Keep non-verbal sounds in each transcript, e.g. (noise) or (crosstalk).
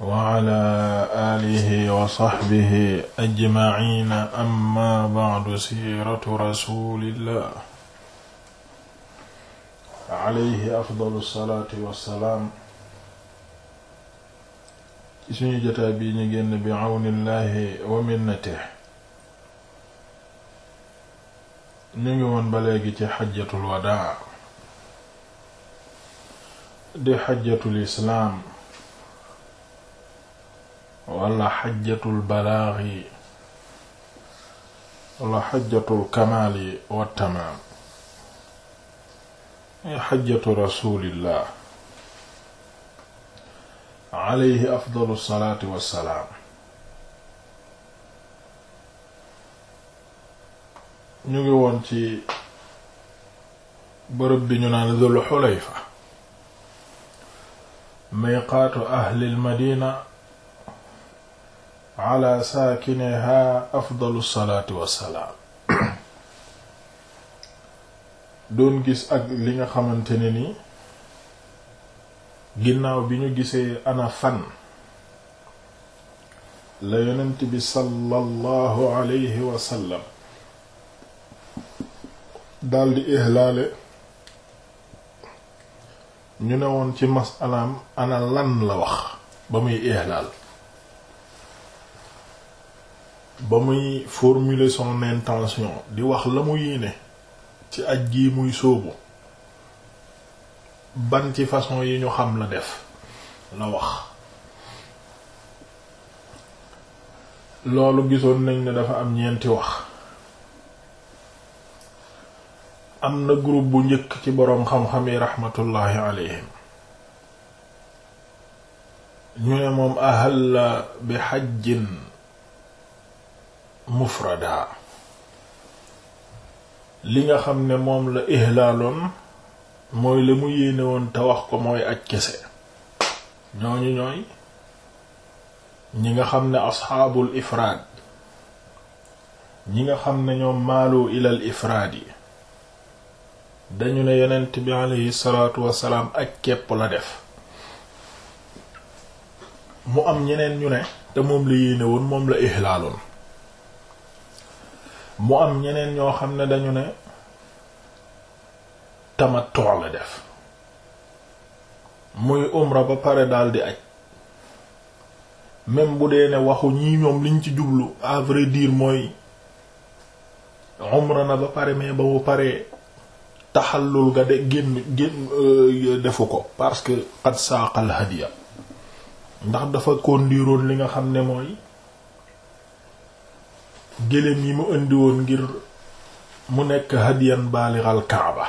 wala alihi wa saxbihi ajmaciina amma bacdu siiratu rasulillah alayhi afdalu salaatu wa salaam ci suñu jotaay bi ñu génn bi awnillahi wa minnatihi ñu ngi ba léegi ci xajjatul wadaa di xajjatul islaam wala xajjatul balaag yi wala xajjatul kamaal yi tamaam ay xajjatu rasulillah alayhi afdalu salaati wa salaam ñu ngi woon ci bërëb bi ñu naan Dul Xulayfa miiqaatu ahlil madina ala saakiniha afdalu salaati wassalaam doon gis ak li nga xamante ne ni ginnaaw bi ñu gisee ana fan la yonent bi sallallahu alayhi wasallam daldi ihlaale ñu ne woon ci masalaam ana lan la wax ba muy ihlaal ba muy formuler son intention di wax la mu yéene ci aj gii muy sóobu ban ci façon yi ñu xam la def la wax loolu gisoon nañ ne dafa am ñeenti wax am na groupe bu njëkk ci boroom xam-xam yi raxmatullaahi alayhim ñu ne moom ahalla bi xajjin mufradaa li nga xam ne moom la ihlaaloon mooy la mu yéene woon te wax ko mooy aj kese ñooñu ñooy ñi nga xam ne asxaabul ifraad ñi nga xam ne ñoom maalu ilal ifraad yi dañu ne yonent bi aleyhi salaatu wasalaam aj kepp la def mu am ñeneen ñu ne te moom la yéene woon moom la ihlaaloon mu am ñeneen ñoo xam ne dañu ne tamattu la def muy umra ba pare daldi di aj même bu dee ne waxu ñii ñoom liñ ci jublu à vrai mooy umra na ba pare mais ba mu paree taxallul ga de génn génn euh, defu ko parce que qad saaqal hadiya ndax dafa kon kondiroon li nga xam ne mooy gëléem yi mu indi woon ngir mu nekk hadiyan baalighal kaaba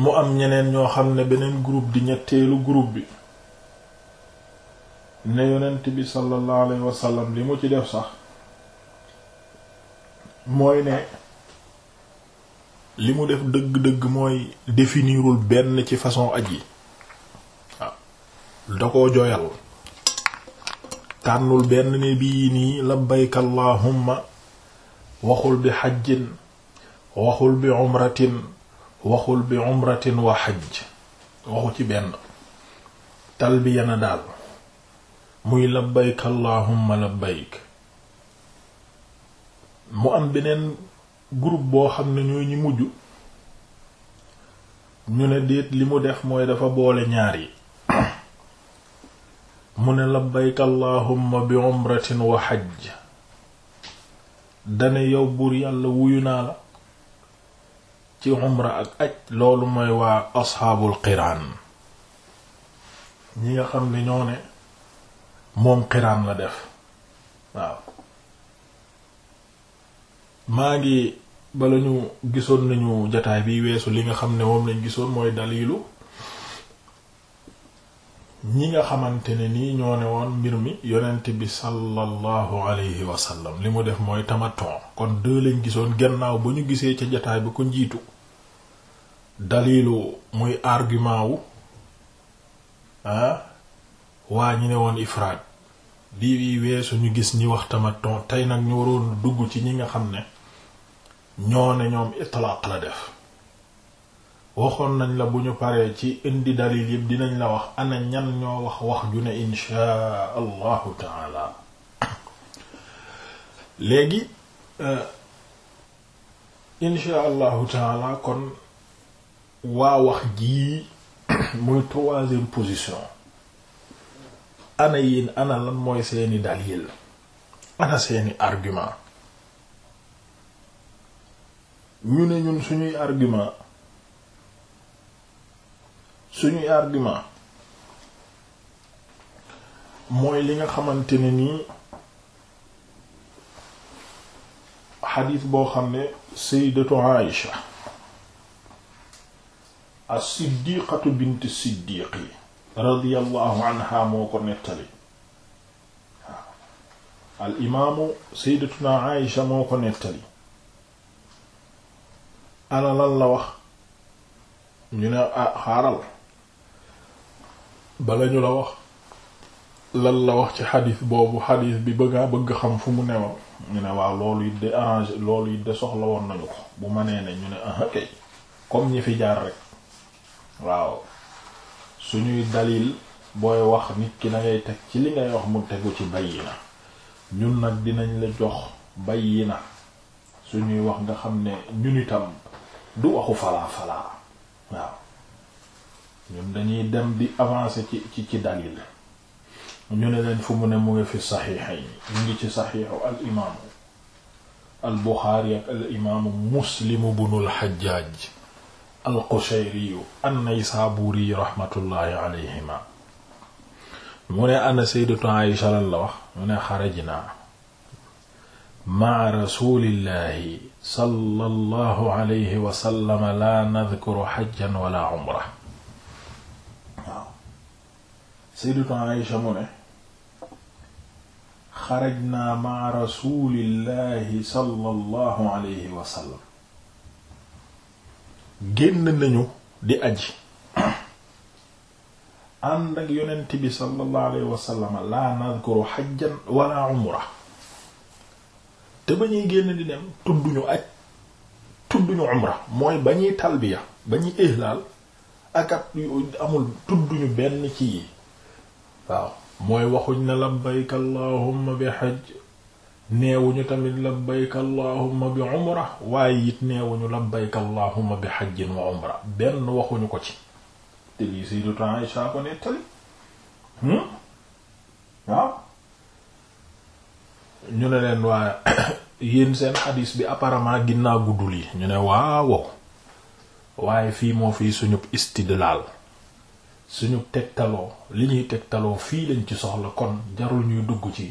mu am ñeneen ñoo xam ne beneen groupe di ñetteelu groupe bi ne yonent bi sallallahu alayhi li mu ci def sax mooy ne li mu def dëgg-dëgg mooy définirul benn ci façon aj yi da koo joyal tànnul benn ne bii nii labbayka allahumma waxul bi xajjin waxul bi umratin waxul bi umratin wa xajj waxu ci benn talbiya na daal muy labbayka labbayk mu am beneen groupe boo xam ne ñu ñi mujj ñu ne déet li mu def mooy dafa boole ñaar yi mu ne labbayk allahumma bi umratin wa xajj dane yow buur yàlla wuyu naa la ci umra ak aj loolu mooy waa asxaabul qiraan ñi nga xam ne ñoo ne moom qiraan la def waaw maa ngi bala gisoon nañu jataay bi weesu li nga xam ne moom lañ gisoon mooy daliilu ñi nga xamante ne nii ñoo ne woon mbir mi yonent bi sallallahu alayhi wa sallam li mu def mooy tamaton kon deux gisoon gannaaw ba ñu gisee ca jataay bi ko njiitu dalilu muy argument wu ah waa ñi ne woon ifraad bii bii weesu ñu gis ñi wax tamaton tey nag ñu waroon dugg ci ñi nga xam ne ñoo ne ñoom itlaq la def waxoon nañ la bu ñu paree ci indi dalil yëpp dinañ la wax ana ñan ñoo wax wax ju ne inshaa allahu taala léegi euh, inshaa allahu taala kon waa wax jii (coughs) muy troisième position ana yéen ana lan mooy seeni dalil ana seeni argument ñu ne ñun suñuy argument suñuy argument mooy li nga xamante ni nii xadiis boo xam ne sayyidatu Aïsha as-siddiqatu bint siddiqi radiyallahu anha moo ko nettali al la wax ñu ne ah xaaral bala ñu la wax lan la wax ci xadis boobu xadis bi bëggaa bëgg xam fu mu newoon ñu ne waaw loolu yi de arrangé loolu it de soxla woon nañu ko bu ma nee ne ñu ne ah kay comme ñi fi jaar rek waaw suñuy dalil booy wax nit ki da teg ci li ngay wax mu tegu ci bayyina ñun nag dinañ la jox na su ñuy wax nga xam ne ñun itam du waxu falaa falaa waaw ñun dañuy dem bi avancer ci ci ci dalil ñu ne leen fu mu ne mu ngi fi saxiixayn ñu ngi ci saxiixu al imaamu al buxaari ak al imaamu muslimu bunul xajjaaj al qushayriyu an naysaabuuri raxmatullaahi alayhima mu ne ana sayyidatu Aysha lan la wax mu ne xarajnaa ma'a rasuulillaahi sallallaahu alayhi wa sallam laa nadkuru xajjan wala umra sayyidatu Aisha mu ne xarajnaa ma'a rasulillahi sallallahu alayhi wa sallam génn nañu di aji ànd ak yonent bi sallallahu alayhi wa sallam laa nadkuru xajjan wala umra te ba ñuy génn di dem tudduñu aj tudduñu umra mooy ba ñuy talbiya ba ñuy ihlaal ak at tudduñu benn ci yi waaw mooy waxuñ na labbayk allahumma bi hajj neewuñu tamit labbayk allahumma bi umra waaye it neewuñu labbayk allahumma bi hajjin wa umra benn waxuñu ko ci te lii Sayyidatu Aisha ko nettali hmm? waaw ñu ne leen waa (coughs) yéen seen xadiis bi apparemment ginnaa guddul yi ñu ne waawow waaye fii moo fii suñu istidlaal suñu tegtaloo li ñuy tegtaloo fii lañ ci soxla kon jarul ñuy dugg ci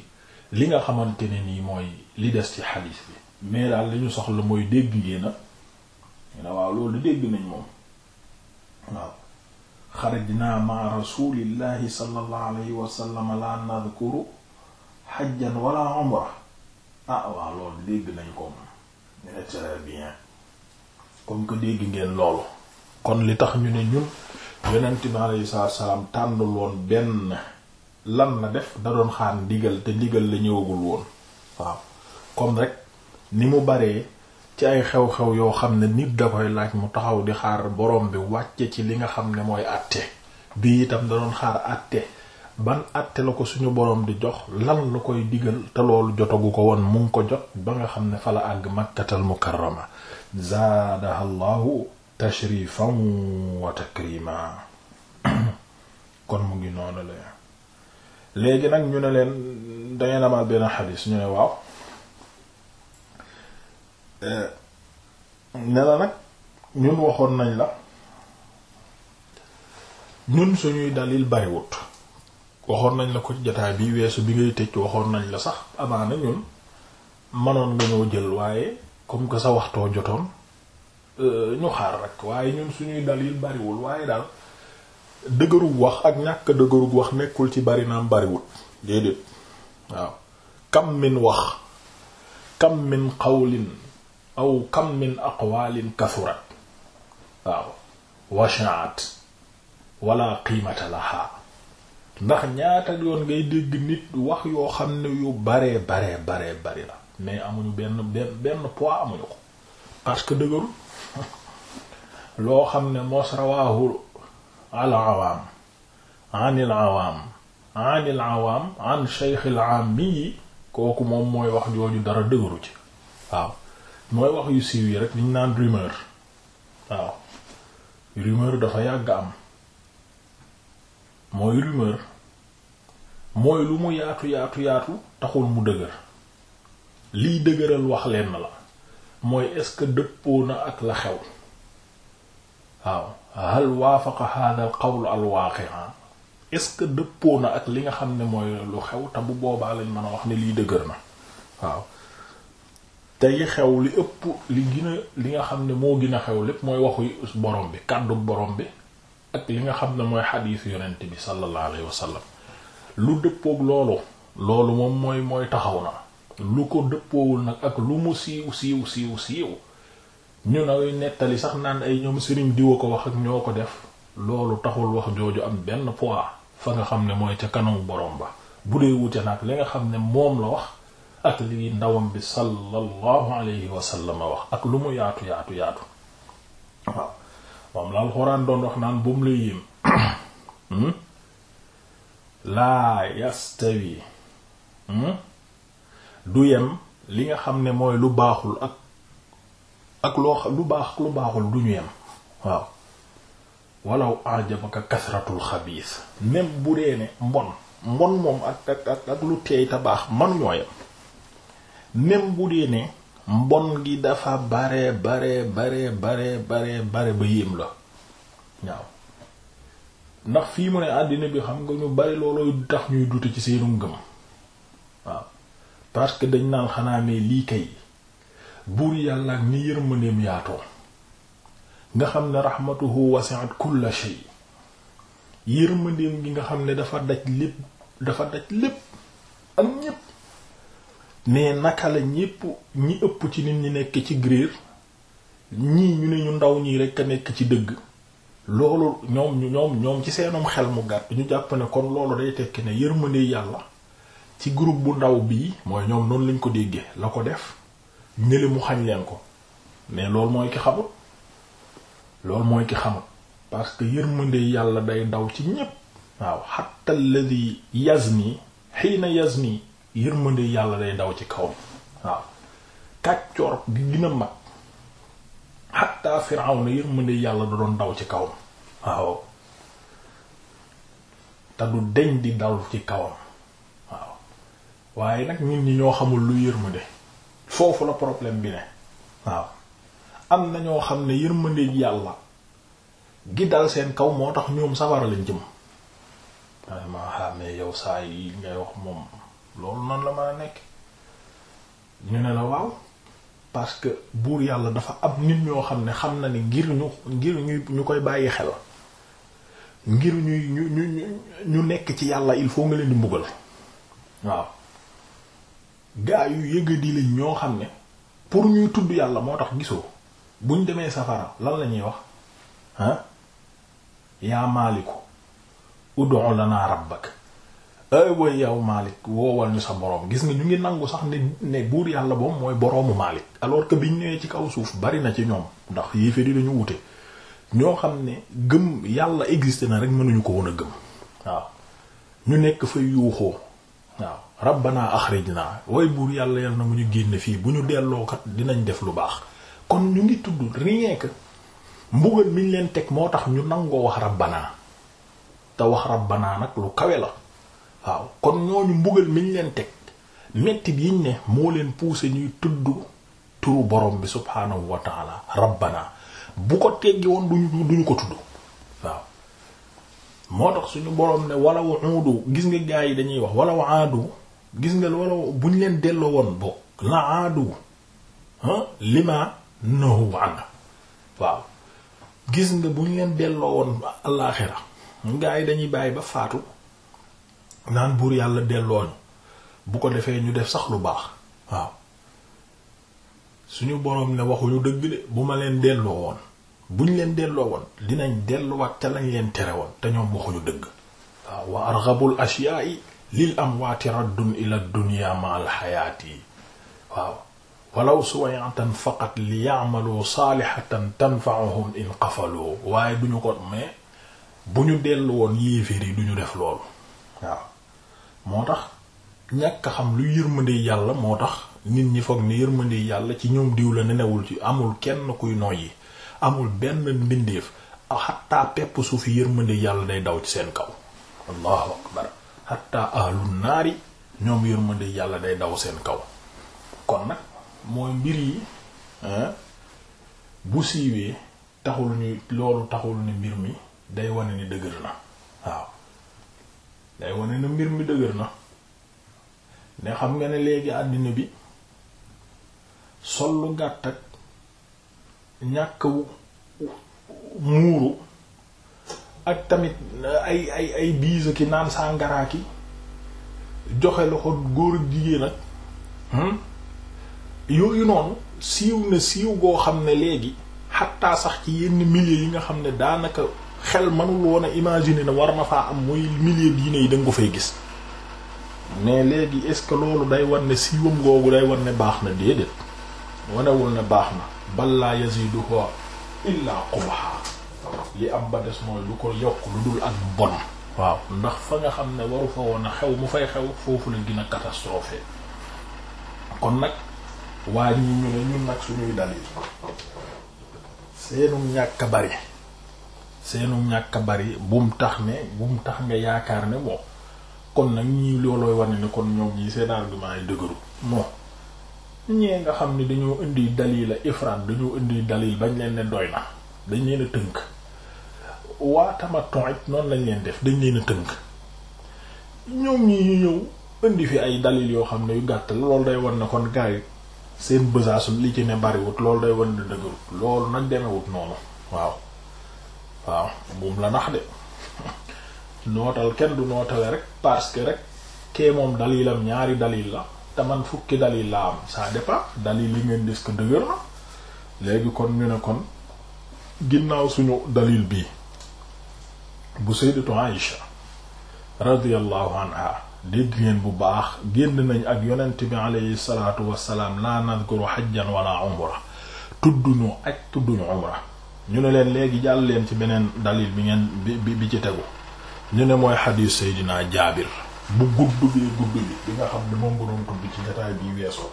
li nga xamante ne nii mooy li des ci xadiis bi mais daal li ñu soxla mooy dégg ngeen dégg nañ moom waaw xarajna ma rasulillahi sallallahu alayhi wa sallam la nadhkuru hajjan wala umra ah waaw loolu dégg nañ ko moom très bien comme que dégg ngeen loolu kon li tax ñu ne ñun yonent bi alayhi salaatu salaam tànnul woon benn lan na def da doon xaar ndigal te ndigal la ñëwagul woon waaw comme rek ni mu baree ci ay xew-xew yoo xam ne nit da koy laaj mu taxaw di xaar boroom bi wàcce ci li nga xam ne mooy àtte bi itam da doon xaar àtte ban àtte la ko suñu boroom di jox lan la koy digal te loolu jotagu ko woon mu ko jot ba nga xam ne fala la àgg Makkatal Mukarrama zaadahallahu tashrifan wa takrima (coughs) kon mu ngi noonu la léegi nag ñu ne leen dangeen amaat benn xadis ñu ne waaw eh, ne nag ñun waxoon nañ la ñun suñuy dalil bariwut waxoon nañ la ko jotaay bi weesu bi ngay tëj waxoon nañ la sax amaana ñun manoon nga ñoo jël waaye comme que sa waxtoo jotoon Euh, ñu xaar rek waaye ñun suñuy dalil bariwul waaye daal dëgëru wax ak ñàkk dëgëru wax nekkul ci bari naam bariwul déedéet waaw kam min wax kam min qawlin aw kam min aqwalin kasurat waaw washaat wala qiimata laha ndax ñaata yoon ngay dégg nit wax yoo xam ne yu baree baree baree bari la mais amuñu benn benn benn amuñu ko parce que dëgërul loo xam ne mos rawaahu al awaam an awaam an awaam an shaykh al aam kooku moom mooy wax jooju dara dëgëru ci waaw mooy wax yu siiw yi rek liñ naan rumeur waaw rumeur dafa yàgg am mooy rumeur mooy lu mu yaatu yaatu yaatu taxul mu dëgër liy dëgëral wax lenn la mooy est-ce que dëppoo na ak la xew waaw hal waafaqa hadha al qawl al waaqi'a est-ce que dëppoo na ak li nga xam ne mooy lu xew te bu boobaa lañ mën a wax ne lii dëgër na waaw tey xew li ëpp li gina li nga xam ne moo gën xew lépp mooy waxu borom bi kàddu borom bi ak li nga xam ne mooy xadiis yonent bi sallallahu alayhi lu dëppoog loolu loolu moom mooy mooy taxaw na lu ko dëppoowul nag ak lu mu siiw siiw siiw siiw ñu na nettali sax naan ay ñoom sëriñ diwa ko wax ak ñoo ko def loolu taxul wax jooju am benn poids fa nga xam ne mooy ca kanamu borom ba bu dee wute nag li nga xam ne moom la wax ak lii ndawam bi sallallahu alayhi wa sallam wax ak lu mu yaatu yaatu yaatu waaw moom la alxuraan doon wax naan bu mu lay yéem (clears throat) laa yastawi hmm? du yem li nga xam ne mooy lu baaxul ak ak loo xam lu baax lu baaxul du ñu yem waaw walaw ajabaka kasratul xabiis même bu dee ne mbon mbon moom ak ak ak lu teey te baax man ñoo yem même bu dee ne mbon gi dafa bare bare bare bare bare bare ba yéem la waaw ndax fii mu ne àddina bi xam nga ñu bari loolooy tax ñuy dute ci seenu ngëm waaw parce que dañ naan xanaa mais lii kay buur yàlla ak ni yërmandeem yaatoo nga xam ne rahmatuhu wasi'at kulla shay yërmandeem gi nga xam ne dafa daj lépp dafa daj lépp ak ñépp ne naka la ñépp ñi ëpp ci nit ñi nekk ci griir ñii ñu ne ñu ndaw ñii rekk a nekk ci dëgg loolu ñoom ñoom ñoom ci seenum xel mu gàtt ñu jàpp ne kon loolu day tekki ne yërmande yàlla ci groupe bu ndaw bii mooy ñoom noonu lañ ko déggee la ko def ñële mu xañ leen ko mais loolu mooy ki xamul mooy ki xamul parce que yërmande yàlla day daw ci ñépp waaw hatta alladhi yazni hina yazni yërmande yàlla day daw ci kaw waaw kàccoor gi gën a mag hatta Firawna yërmande yàlla da doon daw ci kaw waaw te du deñ di daw ci kawam waaw waaye nag ñun ñi ñoo xamul lu yërmande foofu la problème bi ne waaw am na ñoo xam ne yërmandeeg yàlla gi dal seen kaw moo tax ñoom safara lañ jëm waaye ma xamee ah, yow saa yi ngay wax moom loolu noonu la mën a nekk ñu ne la waaw parce que buur yàlla dafa ab nit ñoo xam ne xam na ne ngir ñu ngir ñu ñu koy bàyyi xel ngir ñuy ñu ñu ñu nekk ci yàlla il faut nga leen di mbugal waaw gaa yu yëg lañ ñoo xam ne pour ñuy tubb yàlla moo tax gisoo buñ demee safara lan la ñuy wax ah yaa maaliku ud'u lana rabbak ay woy yow maalik woowal ñu sa boroom gis nga ñu ngi nangu sax ne ne buur yàlla boom mooy boroomu maalik alors bi biñ ñëwee ci kaw suuf bari na ci ñoom ndax yéeféer yi dañu wute ñoo xam ne gëm yàlla existe na rek mënuñu ko woon a gëm waaw ñu nekk fa yuuxoo waaw rabbana axrijna way buur yàlla yal na mu ñu génn fii bu ñu delloo kat dinañ def lu baax kon ñu ngi tudd rien que mbugal miñ leen teg moo tax ñu nangoo wax rabbana te wax rabbana nag lu kawe la kon ñooñu mbugal leen teg mettit yiñ ne moo leen puuse ñuy tudd turu borom bi subhaanahu wa rabbana bu ko teggi woon duñu duñu ko tudd waaw moo tax suñu borom ne walaw udu gis nga gaa yi dañuy wax walaw aadu gis nga loolu buñ leen delloo woon bo la aadu ah, lima nahu waaw gis nga buñ leen delloo woon àllaaxira gaa yi dañuy bàyyi ba faatu naan buur yàlla delloo ñu bu ko defee ñu def sax lu baax waaw suñu boroom ne waxuñu dëgg de bu ma leen delloo woon buñ leen delloo woon dinañ delluwaat ca lañ leen tere woon te ñoom waxuñu dëgg waaw wa arghabul ashiya'i lil am raddun ila dunya ma alxayaat yi waaw walaw suwayantan faqat li ya'malu saalihatan tanfa'uhum in waaye duñu ko mais bu ñu dellu woon yéeféer yi duñu def loolu waaw moo tax ñàkk xam lu yërmande yàlla moo tax nit ñi foog ne yërmande yàlla ci ñoom diw la nenewul ci amul kenn kuy noyyi amul benn mbindeef xataa pepp suufi yërmande yàlla day daw ci seen kaw allahu akbar hatta ahlun naari ñoom yërmande yàlla day daw seen kaw kon nag mooy mbir yi bu siiwee taxul ni loolu taxul ni mbir mi day wane ni dëgër na waaw day wane ni mbir mi dëgër na ne xam nga ne léegi àddina bi sollu gàtt ak ñàkk muuru ak tamit ay ay ay biise ki naan sàngaraa ki joxe loxo góor ak jigéen ak hmm? yooyu noonu siiw na siiw goo xam ne léegi xattaa sax ci yenn milieu yi nga xam ne daanaka xel mënul woon a imaginer ne war na faa am muy milieu diine yi danga ko fay gis mais léegi est-ce que loolu day wan ne siiwam googu day wan ne baax na déedéet wanewul ne baax na bal laa yaziduha illa qubaha li am ba des mooy lu ko yokk lu dul ak bon waaw ndax fa nga xam ne waru fa woon a xew mu fay xew foofu la gën a kon nag waa ñi ñu ne ñun nag suñuy dal yi seenum ñàkk bari seenum ñàkk bari bum tax ne bum tax nga yaakaar ne moo kon nag ñii loolooy wane ne kon ñoom ñii seen argument yi dëgëru non ñee nga xam ne dañoo indi dalil la ifraat dañoo indi dalil bañ leen ne doy na dañ leen tënk waa tamattu it noonu lañ leen def dañ leen a tënk ñoom ñi ñëw indi fi ay dalil yoo xam ne yu gàttal loolu day wan ne kon seen besace li ci ne bariwut loolu day wan ne dëgërut loolu nag demewut noonu waaw waaw buum la nax de (laughs) nootal kenn du nootale rek parce que rek kee moom dalilam ñaari dalil la te man fukki dalil la am ça dépend dalil yi ngeen gis ko dëgër na léegi kon ñu ne kon ginnaaw suñu dalil bii bu sayyidatu Aïsha radiyallahu anha dégg ngeen bu baax génn nañ ak yonent bi alayhi salaatu wassalaam la nadhkuru hajjan wala umra tudduñu aj tudduñu umra ñu ne leen léegi jàll leen ci beneen dalil bi ngeen bi bi ci tegu ñu ne mooy xadiis Seydina Jaabir bu gudd bi gudd bi bi nga xam ne moom nga doon tudd ci jotaay bi weesoo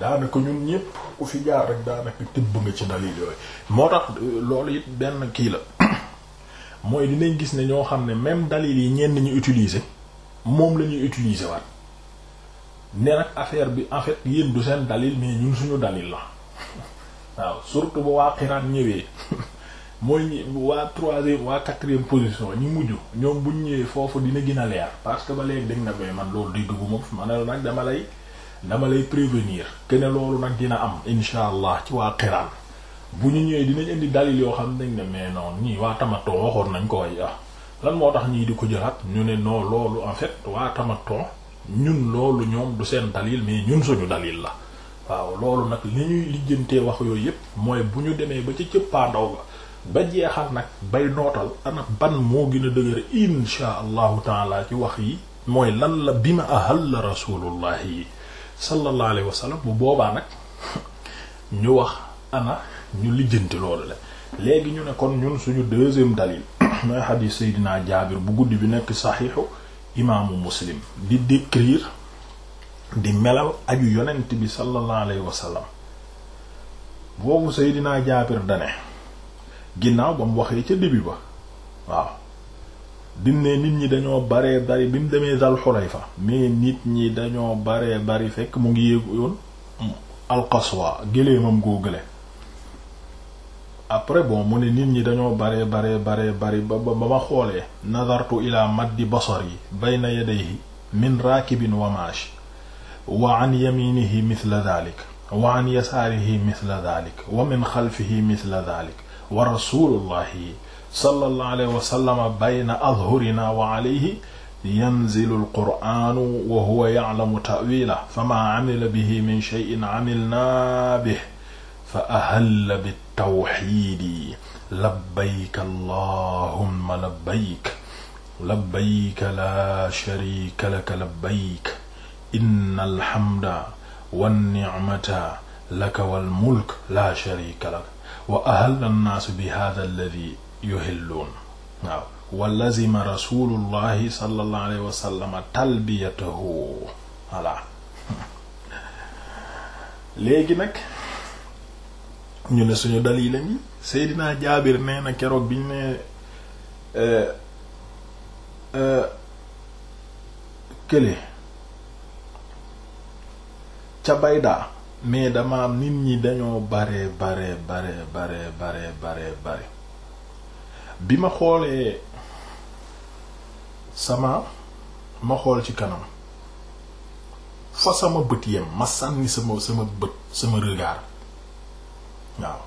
daanaka ñun ñépp ku fi jaar rek daanaka tibb nga ci dalil yooyu moo tax loolu it benn kii la mooy dinañ gis ne ñoo xam ne même dalil yi ñenn ñu utiliser moom la ñuy utiliser waat ne nag affaire bi en fait yéen du seen dalil mais ñun suñu dalil la (laughs) waaw surtout ba waa xiraan ñëwee (laughs) mooy ñi waa troisième waa quatrième position ñu mujj ñoom buñ ñëwee foofu dina gën a leer parce que ba léegi dañ na bay man loolu dégg bu moom ma ne la nag dama lay dama lay prévenir que ne loolu nag dina am insha allah ci waa xiraan bu ñu ñëwee dinañ indi dalil yoo xam nañ na mais non nii waa tamatoo waxoon nañ ko way ah lan moo tax ñii di ko jëlaat ñu ne non loolu en fait waa tamaton ñun loolu ñoom du seen dalil mais ñun suñu dalil la waaw loolu nag li ñuy lijjantee wax yooyu yépp mooy bu ñu demee ba ci cëppaandaw ga ba jeexal nag bay nootal ana ban moo gën a dëgër insha allahu taala ci wax yi mooy lan la bi ma ahal la rasulullahi yi sallallahu alayhi wa sallam bu boobaa nag (laughs) ñu wax ana ñu lijjanti loolu la léegi ñu ne kon ñun suñu deuxième dalil (clears throat) mooy xadiis Seydina Jaabir bu guddi bi nekk saxiixu imaamu Muslim di décrire di melal aju yonent bi sallallahu alayhi wa sallam boobu Seydina Jaabir dane ginnaaw ba mu waxee ca début ba waaw dinne nit ñi dañoo baree bari bi mu demee Dal Xulayfa mais nit ñi dañoo baree bari fekk mu ngi yéegoon Al Qaswa gëléemam goo gële après bon mu ne nit ñi dañoo baree baree baree bari ba ba ma xoolee nazartu ila maddi basari bayna yadayhi min raakibin wa maash wa an yaminihi mithla dhalik wa an yasaarihi mithla dhalik wa min xalfihi mithla dhalik wa rasulullahi sallallahu alayhi wa sallam bayna adhurina wa alayhi yanzilu alqur'anu wa huwa ya'lamu ta'wilahu famaa amila bihi min shay'in amilnaa bihi fa ahalla bit tawxiidi labbayka allahumma labbayk labbayka laa shariika laka labbayk inna alhamda wannicmata laka walmulk laa shariika lak wa ahalla annaasu bi hada alladi yuhilluun waaw wa lazima rasulullahi sallallahu alayhi wa sallam talbiyatahu voilà (laughs) léegi nag ñu ne suñu dal yi dalil lañu Seydina Jaabir nee na keroog bi ñu ne eh, eh, kële ca Bayda mais dama am nit ñi dañoo bare bare bare bare bare bi ma xoolee sama ma xool ci kanam fa sama bët yem ma sànni sama sama bët sama regard waaw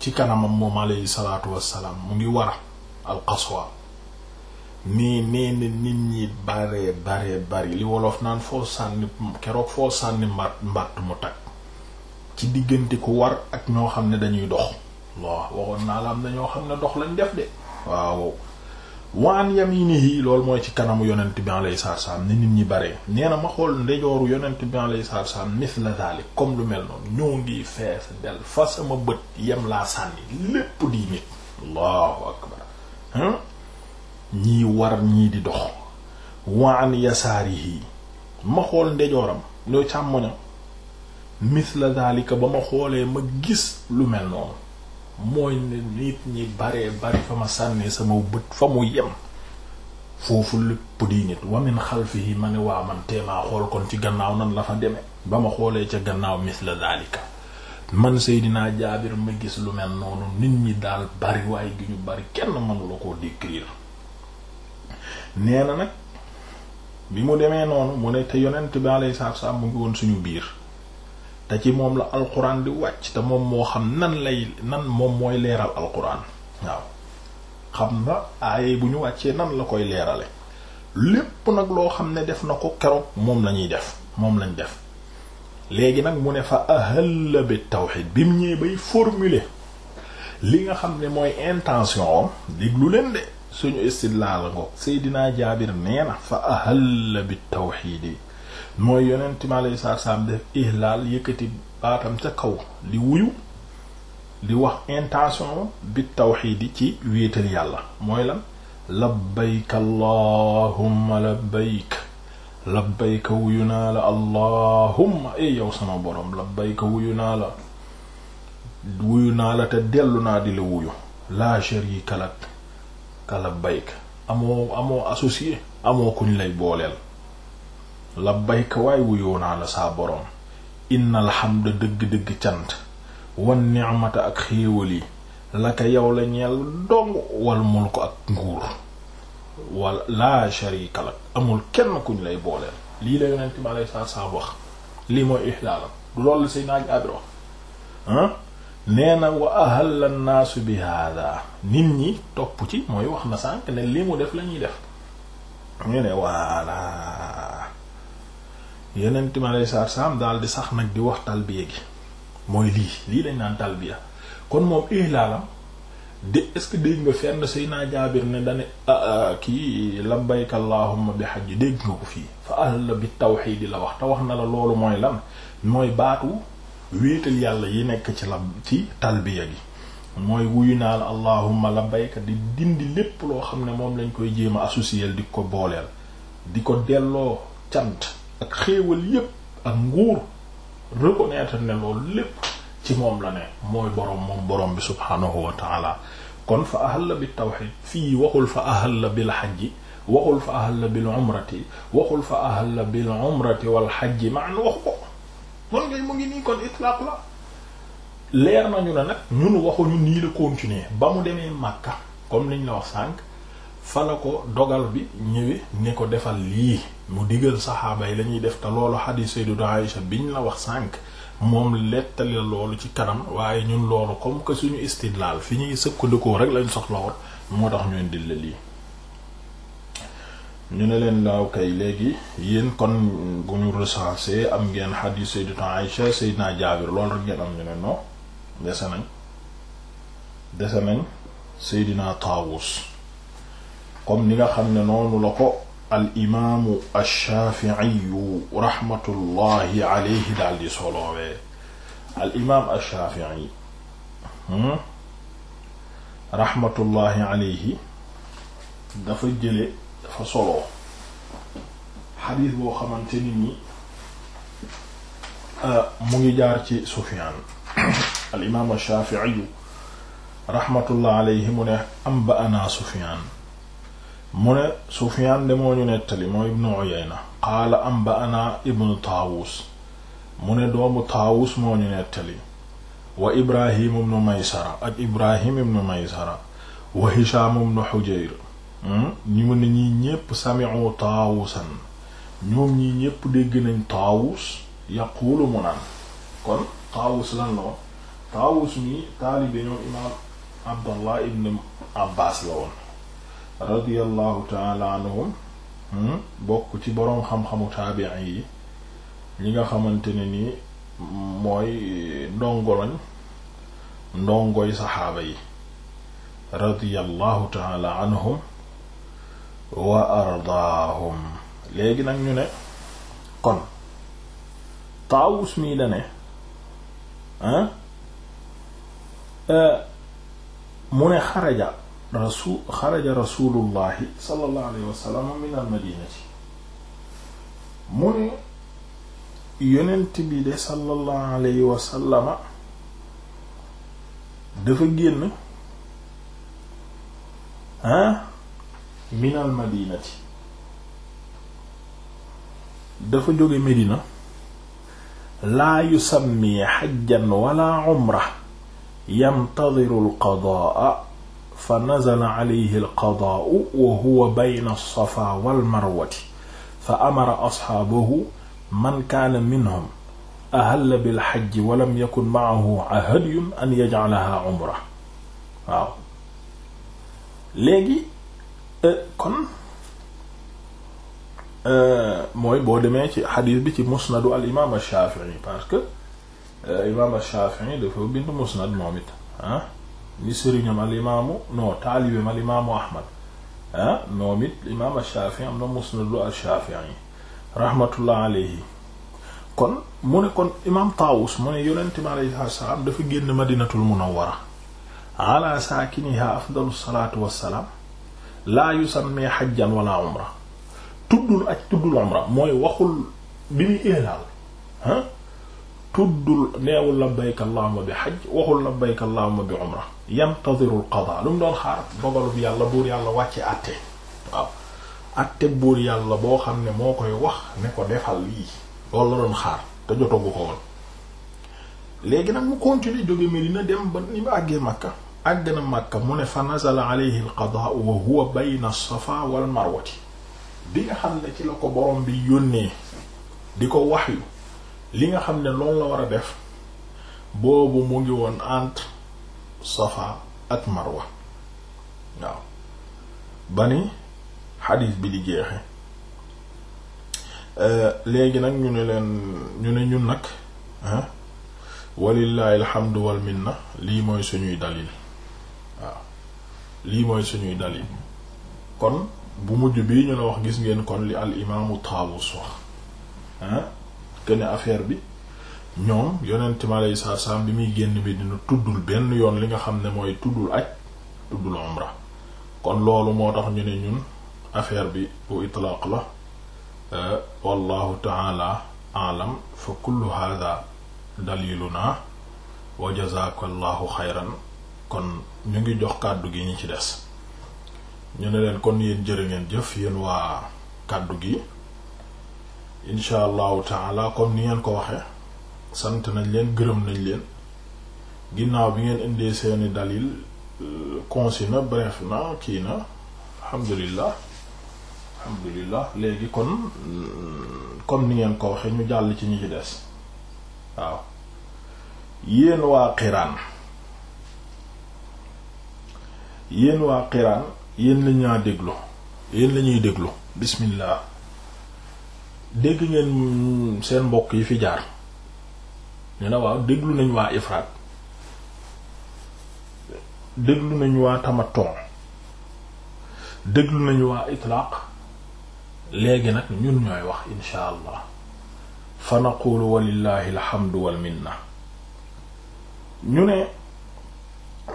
ci kanamam moom alayhi salaatu wassalaam mu ngi wara al qaswa nii nee na nit ñi baree baree bari li wolof naan foo sànni keroog foo sànni mbatt mbatt mu tag ci diggante ku war ak ñoo xam ne dañuy dox waaw waxoon naa la am na ñoo xam ne dox lañ def de waaw waan yaminihi loolu mooy ci kanamu yonent bi alayhi salaatu salaam ni nit ñi bare nee ma xool ndejooru yonent bi alayhi salaatu salaam mithla daalik comme lu mel noonu ñoo ngi fees del fa sama bët yem laa sànni lépp di nit allahu akbar ñii war ñii di dox waan yasaarihi ma xool ndejooram ñoo càmmoñam mithla daalika ba ma xoolee ma gis lu mel noonu mooy ne nit ñi baree bari fa ma sànnee sama bët fa mu yem foofu lépp di nit wamin xalfihi ma ne waa man teemaa xool kon ci gannaaw nan la fa demee ba ma xoolee ca gannaaw la daalika man Seydina Jaabir ma gis lu mel noonu nit ñi daal bari waaye gi ñu bari kenn mënula koo décrire nee na nag bi mu demee noonu mu ne te yonent bi alayhi salaam mu ngi woon suñu biir te ci moom la alquran di wàcc te moom moo xam nan lay nan moom mooy leeral alquran waaw xam na aaye bu ñu wàccee nan la koy leerale lépp nag loo xam ne def na ko keroog moom la ñuy def moom lañ def léegi nag mu ne fa ahalla bi tawxid bi mu ñëwee bay formuler li nga xam ne mooy intention om déglu leen de suñu istidlaal la ngoog dinaa Jaabir nee na fa ahalla bi tawxid mooy yonent mi alayhi salaatu salaam def ihlaal yëkkati baatam ca kaw di wuyu di wax intention bi tawxiidi ci wéetal yàlla mooy lan labbayk allahumma labbayk labbayka wuyu naa la allahumma e yow sama borom labbayka wuyu naa la wuyu naa la te dellu naa di la wuyu laa sharika lak ka labbayk amoo amoo associé amoo kuñ lay booleel labbayka waay wu naa la saa boroom innal hamda dëgg-dëgg cant wan ni'mata ak xéewal yi laka yow la ñeel dong wal mulku ak nguur wala laa sharika lak amul kenn kuñ lay booleel lii la yonent mi alayhi salaatu salaam wax lii mooy ihlaalam du loolu say naa jaabir ah nee na wa ahalla naasu bi hada nit ñi topp ci mooy wax na sànq ne li mu def la ñuy def ñu ne waala yeneen time lay saar saam daal di sax nag di wax talbiya gi mooy lii lii lañ naan talbiya kon moom ihlaalam de est-ce que dégg nga fenn Seydina Jaabir ne dane ah, ah, kii labbayka allahumma bi hajj dégg nga ko fii fa ahla bi tawxiidi la wax te wax na la loolu mooy lan mooy baatu wéetal yàlla yi nekk ci la ci talbiya gi mooy wuyu naa la allahumma labbayka di dindi lépp loo xam ne moom lañ koy jéem a associer di ko booleel di ko delloo cant ak xéewal yépp ak nguur reconnaître ne lépp ci moom la ne mooy boroom moom boroom bi subhaanahu wa taala kon fa ahalla bi tawxid fii waxul fa ahalla bil xajji waxul fa ahalla bil umrati waxul fa ahalla bil umrati wal xajji maan wax ko kon ngay mu ngi nii kon itlaaq la leer nañu ne nag ñun waxuñu nii la continuer ba mu demee Makka comme niñ la wax sànq fa ko dogal bi ñëwee ne ko defal lii mu digal saxaaba yi lañuy def te loolu xadiis Sayyidatu bi ñu la wax sànq moom lettali loolu ci kanam waaye ñun loolu comme que suñu istidlaal fi ñuy sëkkandikoo rek lañ soxla woon moo tax ñu indil la lii ñu ne leen laaw kay léegi yéen kon bu ñu recensé am ngeen xadiis Sayyidatu Aïsha Sayyidina Jaabir loolu rek ngeen am ñu ne noo dese nañ dese nañ Sayyidina Taawus comme ni nga xam ne noonu la ko al imaamu ash-Shaafi'i rahmatullahi alayhi daal di solowee al imaam ash-Shaafi'i hmm, rahmatullahi alayhi dafa jële dafa soloo xadiis boo xamante nit ñi ah, mu ngi jaar ci Sufyaan al imaam ash-Shaafi'i rahmatullahi alayhi mu ne amba'anaa Sufyaan mu ne Sufyaan de moo ñu nettali moo ibnu Uyayna qaala anba'anaa ibnu Taawus mu ne doomu Taawus moo ñu nettali wa Ibrahim ibnu Maysara ak Ibrahim ibnu Maysara wa Hishaam ibnu Hujayr hmm? ñi ne ñii ñépp sami'u Taawusan ñoom ñii ñépp dégg nañ Taawus yaquulu mu naan kon Taawus lan la woon Taawus mi taalibe imaam Abdallah ibnu Abbaas la radiyallahu taala anhum hmm, bokk ci boroom xam-xamu taabiin yi ñi nga xamante ne nii mooy ndongoloñ ndongoy saxaaba yi radiyallahu taala anhum wa ardaahum léegi nag ñu ne kon Taawus mii da ne ah eh, mu ne xaraja rasu xaraja rasulullahi sallallahu alayhi sallam min almadinati mu ne yonent bi de sallallahu alayhi dafa génn ah min almadinati dafa jóge Medina laa yusammi xajjan wala umra yantadiru alqadaa fa nazala alayhi alqadaau wa huwa bayna alsafa walmarwati fa amara asxaabahu man kaana minhum ahalla bilxajji walam yakun maahu hadyun an yajcalaha umra waaw léegi euh, kon euh, mooy boo demee ci xadiis bi ci musnadu al imaam al shafii parce que euh, imaam al shafii dafa bind musnad moom it ah ni sëriñam al imaamu non taalibeem al imaamu ahmad ah moom it imaam ashafii am na musnadu ashafii rahmatullah alayhi kon mu ne kon imaam taawus mu ne yonent mi alayhi salaam dafa génn madinatul munawwara ala saakiniha afdalu salaatu wassalaam laa yusammi xajjan wala umra tuddul ak tuddul umra mooy waxul bi muy ihlaal tuddul neewul labbayka allahumma bi hajj waxul labbayka allahumma bi umra yantadirul qadaa lu mu doon xaar dogalub yàlla buur yàlla wàcce àtte waaw àtte buur yàlla boo xam ne moo koy wax ne ko defal yi loolu la doon xaar te jotogu ko woon léegi nag mu continuer jóge dina dem ba ni mu àggee Makka àgg na Makka mu ne fa nazala alayhi al wa huwa bayna safa wal marwati bi xam ne ci la ko borom bi yónnee di ko wax yu li nga xam ne loolu la war a def boobu mu ngi woon entre Safa ak Marwa waaw ba ni xadiis bi di jeexe euh, léegi nag ñu ne leen ñu ne ñun nag ah walillahi alhamdu wal minna lii mooy suñuy dalil waaw lii mooy suñuy dalil kon bu mujj bii ñu la wax gis ngeen kon li al imaamu Taawus wax que ne affaire bi ñoom yonent mi alayhi salaatu bi muy génn bi dina tuddul benn yoon li nga xam ne mooy tuddul aj tuddul umra kon loolu moo tax ñu ne ñun affaire bi bu itlaaq la euh, wallahu taala alam fa kullu hada daliluna wa jazakallahu xayran kon ñu ngi jox kàddu gi ñi ci des ñu ne leen kon yéen jërë ngeen jëf yéen waa kàddu gi incha allahu taala comme ni ngeen ko waxe sant nañ leen gërëm nañ leen ginnaaw bi ngeen indee seeni dalil euh, concis na bref na kii na alhamdulilah léegi kon euh, comme ni ngeen ko waxee ñu jàll ci ñu ci des waaw yéen waa Qiraan yéen waa Qiraan yéen la ñaa déglu yéen lañuy déglu bismillah dégg ngeen seen mbokk yi fi jaar ñu ne waaw déglu nañ waa ifraat déglu nañu waa tamaton déglu nañ waa itlaaq léegi nag ñun ñooy wax insha allah fa naqulu walillahi alhamdu wal minna ñu ne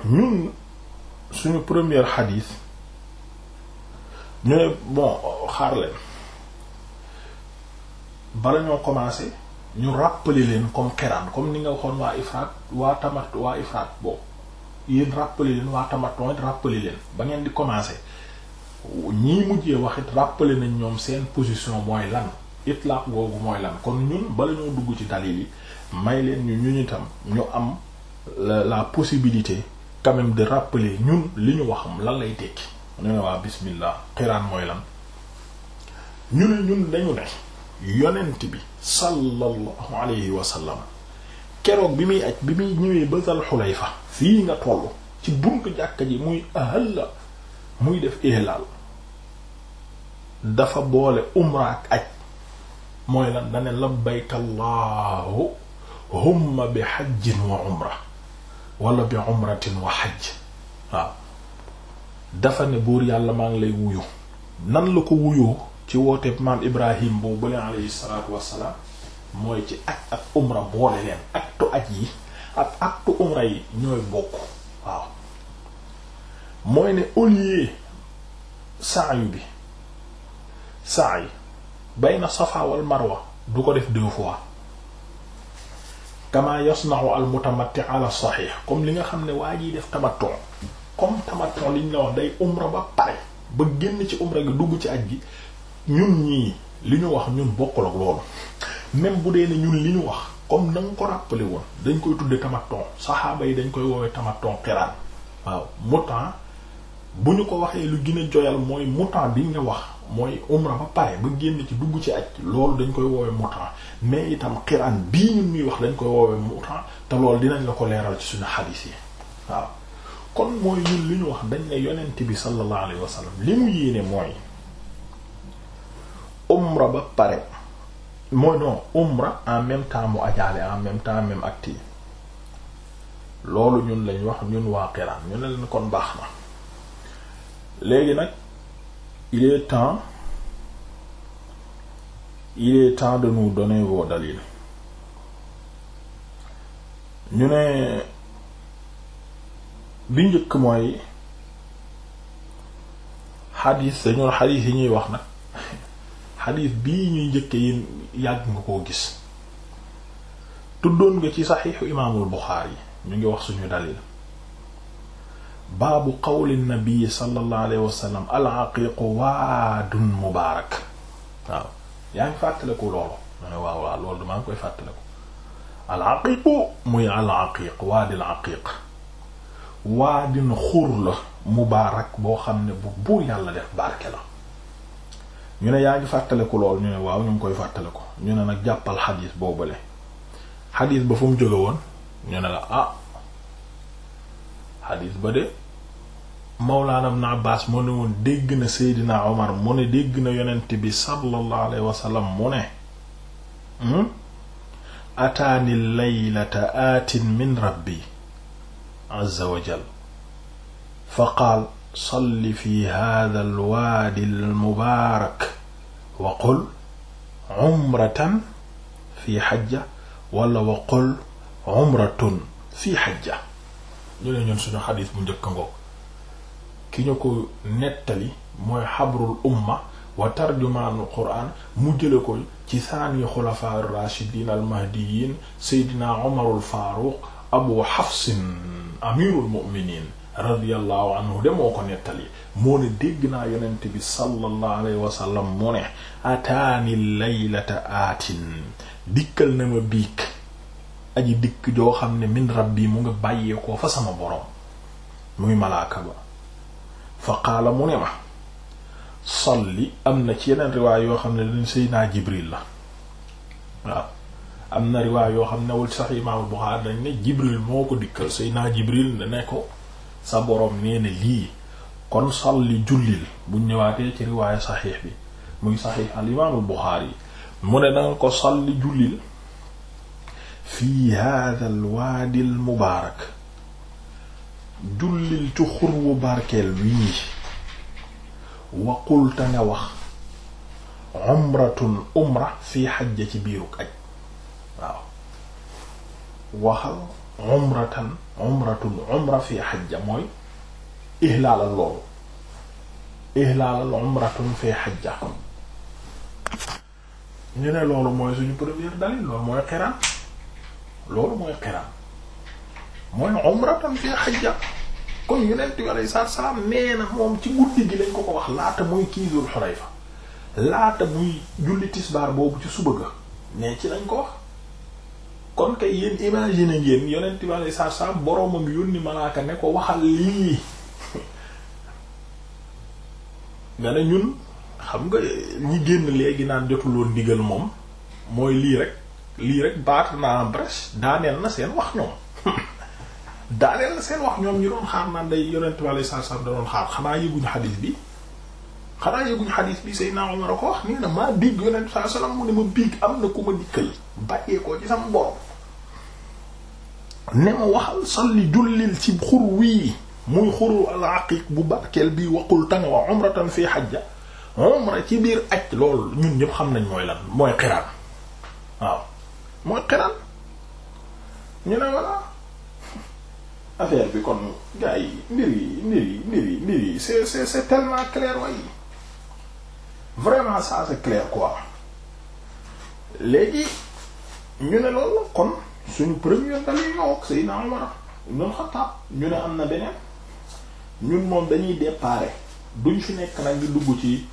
ñun suñu première xadiis ñu ne bon xaar leen bala ñoo commencé ñu rappeler leen comme xeraan comme ni nga waxoon waa ifraat waa tamat waa ifraat boobu yéen rappeler leen waa tamaton it rappeler leen ba ngeen di commencé ñii mujjee wax it rappeler nañ ñoom seen position mooy lan itlaq googu mooy lan kon ñun bala ñoo dugg ci dalil yi may leen ñu ñu itam ñu am la possibilité quand même de rappeler ñun li ñu waxam lan lay tekki ñu ne waa bismillah xiraan mooy lan ñu ne ñun dañu ne yonent bi sallallahu alayhi wa sallam keroog bi muy aj bi muy ñëwee ba Zal Xulayfa fii nga toll ci buntu jàkka ji muy ahalla muy def ihlaal dafa boole umra ak aj mooy lan dane labbayka allahumma bi hajjin wa umra waaw dafa ne buur yàlla maa ngi lay wuyu nan la ko wuyoo ci wooteeb maam ibrahim boobu leen alayhi salaatu wassalaam mooy ci aj ak umra boole leen aktu aj yi ak aktu umra yi ñooy bokk waaw mooy ne au lieu sa'yu bi sa'y bay safa wal marwa du ko def deux fois kama yasna'u al mutamatti ala sahih comme li nga xam ne waa jiy def tamattu comme tamattu liñ la wax day umra ba pare ba génn ci umra gi dugg ci aj gi ñun ñii li ñu wax ñun bokkul ak loolu même bu dee ne ñun li ñu wax comme na nga ko rappelé woon dañ koy tudde ton saxaaba yi dañ koy woowee tamaton xiraan waaw mutan bu ñu ko waxee lu gën a mooy mutan bi nga wax mooy umra ba pare ba génn ci dugg ci aj loolu dañ koy woowee mutan mais itam xiraan bii ñun ñuy wax dañ koy woowee mutan te loolu dinañ la ko leeral ci suñu xadiis yi waaw kon mooy ñun li ñu wax dañ ne yonent bi sallallahu alayhi wa li mu yéene mooy umra ba pare mooy non umra en même temps mu ajaale en même temps même acte yi loolu ñun lañ wax ñun waa Qiraan ñu ne leen kon baax na léegi nag il est temps il temps de nous donner vos ñu ne bi njëkk mooy xadiis dañu xadiis yi ñuy wax nag xadiis bii ñuy njëkke yi nga koo gis tuddoon nga ci saxiixu imaamul buxaari yi ñu ngi wax suñu dalil baabu qawli nabi sallallahu alayhi wasallam al aqiiqu waadun mubaarak waaw yaa loolu ma waaw waaw loolu damaa ngi koy fàttaliku al aqiiqu muy al aqiiq waadil aqiiq waadin xur la mubaarak boo xam ne bu buur yàlla def barke ñu ne yaa ngi fàttaliku lool ñu ne waaw ñu ngi koy fàttaliku ñu ne nag jàppal xadiis boobale xadiis ba fu mu jóge woon ñu ne la ah xadiis ba de Mawlaana Ibn Abbaas mu ne woon dégg na Seydina Omar mu ne dégg na yonent bi sallallahu alayhi wa sallam mu ne hmm, ataani laylata aatin min rabbi azza fa qaal salli fi hada alwaadi almubaarak wa qul umratan fii xajja wala wa qul umratun fii xajja ñu ne ñun suñu xadis bu njëkk ngoog ki ñu ko nettali mooy xabrul umma wa tarjumaanul quraan mu jële ko ci saani xulafaa rachidin almahdiyin seydina umarul faaruq abu xafsin amirul muminin radiyallahu anhu de moo ko nettali moo ne dégg naa yonent bi sallallahu alayhi wa sallam mu ne ataani laylata aatin dikkal na ma biig aji dikk joo xam ne min rabbi mu nga bàyyeekoo fa sama borom muy malaaka ba fa qaala mu ne ma salli am na ci yeneen riwaay yoo xam ne dañ Seydina Jibril la waaw am na riwaay yoo xam ne wul sax Imaam Buxaari dañ ne Jibril moo ko dikkal Seydina Jibril ne ko sa boroom nee na lii kon salli jullil buñ ñëwaatee ci riwaayu saxiix bi muy saxiix al imaamul mu ne danga ko salli jullil fi hada al waadi al mubaarak jullil ci xur wu barkeel wii waqul ta nga wax umratun umra fii xajja ci biiruk aj waaw waxal umratan umratun umra fi xajja mooy ihlaalal loolu ihlaalal umratun fi xajja ñu ne loolu mooy suñu première dalil loolu mooy xiraan loolu mooy xiraan mooy umratan fi xajja kon yonent bi alayhi salaatu salaam nee na moom ci guddi gi lañ ko ko wax laata muy kii Dul Xulayfa laata muy julli tisbaar boobu ci suba ga mais ci lañ ko wax kon kay yéen imaginer ngeen yonent bi alei satu salaam boroomam yónni malaaka ne ko waxal lii nga ne ñun xam nga ñi génn léegi naan jotuloon ndigal moom mooy lii rek lii rek baat naa en brèche daaneel na seen wax ñoom (laughs) daaneel na seen wax ñoom ñu doon xaar naan day yonent bi alei satu salaam da doon xaar xanaa yëguñu xadiis bi xanaa yëguñu xadiis bi Seydina Umar a ko wax nee na maa digg yonent bi sallallahu mu ne ma biig am na ku ma dikkal bàyyee ko ci sama ne ma waxal salli jullil ci xur wii muy xuru alaqiq bu barkeel bii waqul tanga wa umratan fii xajja umra ci biir aj loolu ñun ñëpp xam nañ mooy lan mooy xiraan waaw mooy xiraan bi kon mbir yi mbir yi mbir yi mbir yi c'est c'est ñu ne loolu kon suñu premier dalil nga wax Seydina Umar ibn Xattaab ñu ne am na beneen ñun moom dañuy déparé duñ fi nekk nag ñu dugg ci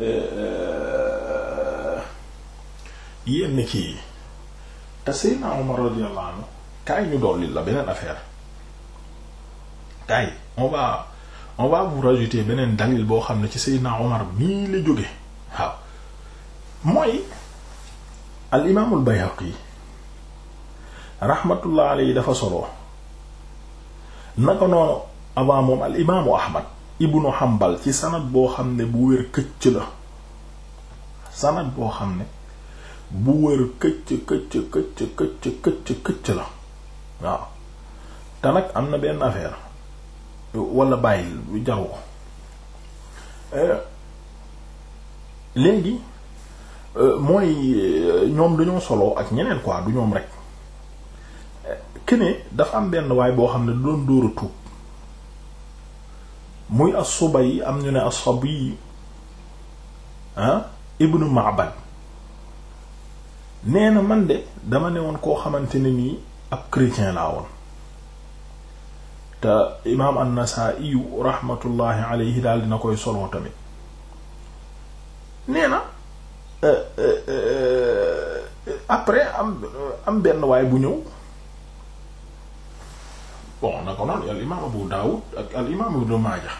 euh, yenn kii yi te Seydina Umar radiyallahu anhu kaay ñu dolli la beneen affaire kaay on va on va beneen dalil boo xam ne ci Seydina Umar mii la jóge waaw mooy al imaamul Bayhaqi rahmatullah alayhi dafa solo naka noonu avant moom al imaamu ahmad ibnu hambal ci sanad boo xam ne bu wér këcc la sanad boo xam ne bu wér këcc këcc këcc këcc këcc la waaw te nag am na benn affaire wala bàyyil bu jaru ko euh, léegi euh, mooy euh, ñoom dañoo solo ak ñeneen quoi du ñoom rek këne dafa am benn waay boo xam ne du doon dóor muy asuba yi am ñu ne asxab yi ah ibnu Ma'bad nee na man de dama ne woon koo xamante ne nii ab chrétien laa woon te imaam an-Nasaa'i rahmatullahi alayhi daal dina koy soloo tamit nee na euh, euh, euh, après am am benn waay bu ñëw bon na ko noonu al imam Abu Dawud ak al imam Ibn Majah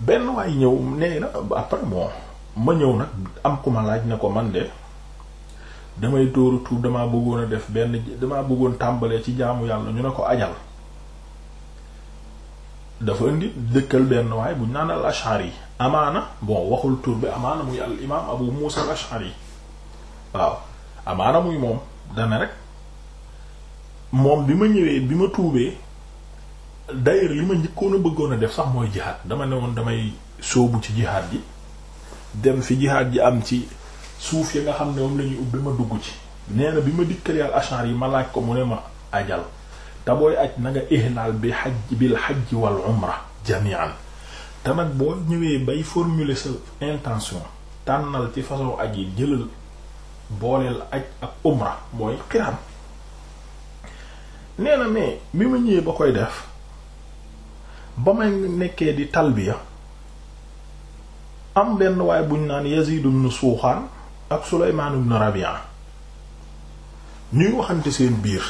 benn waay ñëw nee na après bon ma ñëw nag am ku ma laaj ne ko man de damay dóoru tuub damaa bëggoon a def benn damaa bëggoon tàmbalee ci jaamu yàlla ñu ne ko ajal dafa indi dëkkal benn waay bu naan al Ash'ari amaana bon waxul tuur bi amaana muy al imam Abu Musa al Ash'ari waaw amaana muy moom dana rek moom bi ma ñëwee bi ma tuubee d'ailleurs li ma njëkkoon bëggoon a def sax mooy jihaad dama ne woon damay sóobu ci jihaad ji dem fi jihaad ji am ci suuf yi nga xam ne moom la ñuy ubbi ma dugg ci nee bi ma dikkal yàlla yi ma laaj ko mu ne ma ajal te booy aj na nga ihlaal bi xaj bil xaj wal umra jami'an te nag boo ñëwee bay formuler sa intention tànnal ci façon aj yi jëlal booleel aj ak umra mooy xiraan nee na mais bi ma ñëwee ba koy def ba may nekkee di talbiya am benn waaye buñ naan Yazid ibn suuxaan ak Sulaymaan ibn Rabi'a ñuy waxante seen biir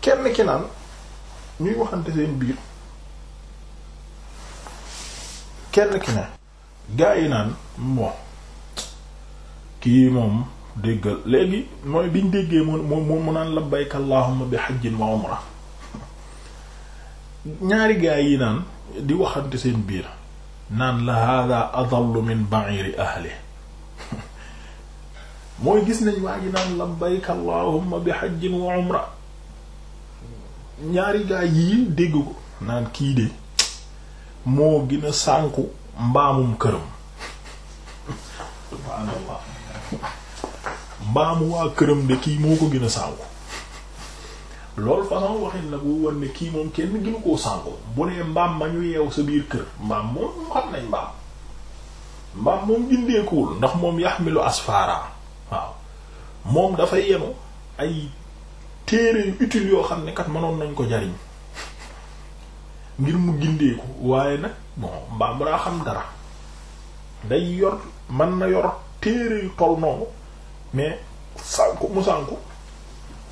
kenn ki naan ñuy waxante seen biir kenn ki ne gaa yi naan bon kii moom déggal léegi mooy biñ déggee mu mu mu naan labbayka allahumma bi hajjin wa umra ñaari gaa yi naan di waxante seen biir naan la hada adallu min ba'iri ahli (laughs) mooy gis nañ waa ji naan labbayka allahumma bi hajjin wa umra ñaari gaa yii dégg ko naan kii de moo gën a sànku mbaamum këram (laughs) subhaanallah mbaa mu waa këram de kii moo ko gën a sànku loolu façon waxin la bu war ne kii moom kenn gënu koo sànku bu nee mbaam ma ñu yeew sa biir kër mbaam moom xam nañ mbaam mbaam ndax moom yaxmilu asfara moom dafa yenu ay téere yu utile yoo xam ne kat mënoon nañ ko jariñ ngir mu gindeeku waaye nag bon daa xam dara day yor mën na yor téere yu toll noonu mais sànku mu sànku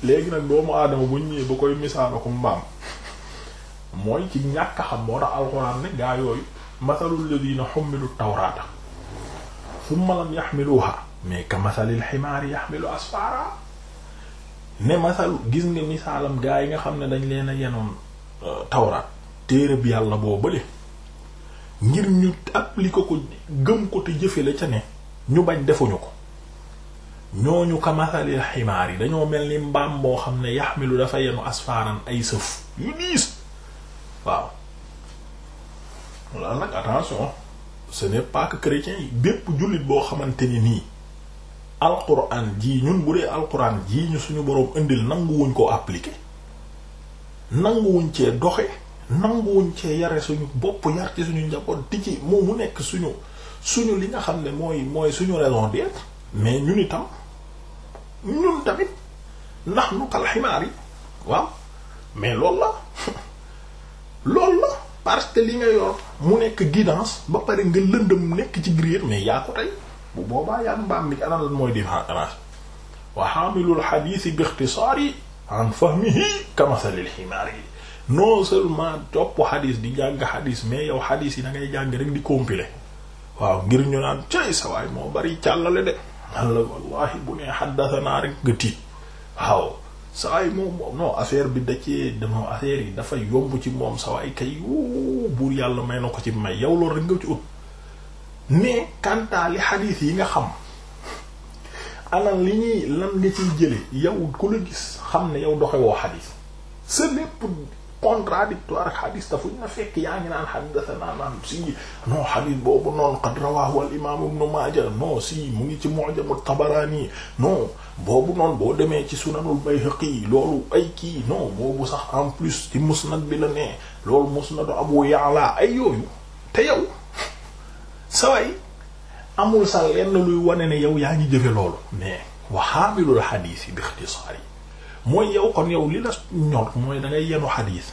léegi nag doomu aadama bu ñëwee ba koy misaala ko mbaam mooy ci ñàkk xam moo tax alxuraan ne gaa yooyu masalul ladina xummilu tawraata summa lam mais ka masalil ximaari yaxmilu asfara ne masal gis nga misaalam gaa yi nga xam ne dañ leen a yenoon euh, tawraat téere bi yàlla boo bële ngir ñu appliquer ko gëm ko te jëfe la ca ne ñu bañ defuñu ko ñooñu kamasalil ximaar yi dañoo mel ni mbaam boo xam ne lu dafa yenu asfaaran ay sëf yu diis waaw loolu nag attention ce n'est pas que yi bépp jullit boo xamante ni nii alquran jii ñun bu dee alquran jii ñu suñu boroom indil nanguwuñ koo appliquer nanguwuñ cee doxe nanguwuñ cee yare suñu bopp yar ci suñu njaboot di ci moo mu nekk suñu suñu li nga xam ne mooy mooy suñu raison d'être mais ñun itam ñun tamit ndax nu kal ximaar yi waaw mais loolu la loolu la parce que li nga yor mu nekk guidance ba pare nga lëndëm nekk ci grier mais yaa ko tey bu boobaa yaa mbaam mi ana lan mooy différence wa xaamilul xadiisi bi ixtisaari an fahmihi kamasalil ximaar yi non seulement topp xadis di jàng xadis mais yow xadis yi da ngay jàng rek di compiler waaw ngir ñu naan cay sa moo bari càllale de la wallahi bu nee xaddasanaa rek nga tiit waaw sawaay moom moom non affaire bi da ci dama affaire yi dafa yomb ci moom sawaay kay yo buur yàlla may na ko ci may yow loolu rek nga ci ut mais kantaali xadiis yi nga xam anan li ñuy lan li ciy jële yow ku la gis xam ne yow doxewoo xadiis sa lépp contradictoire ak xadis ta fu ñu na fekk yaa ngi naan haddathana naan si non xadis boobu noonu qad rawahu al imam ibn Majah non si mu ngi ci mu'jam at-Tabarani non boobu noonu boo demee ci sunanul Bayhaqi loolu ay kii non sax en plus ci musnad bi la nee loolu musnadu Abu Ya'la ay yooyu te yow saway amul sa lenn luy wane ne yow yaa ngi jëfe loolu mais wa hamilul xadis yi bi ixtisaar yi mooy yow kon yow li la ñor mooy dangay ngay yenu xadiis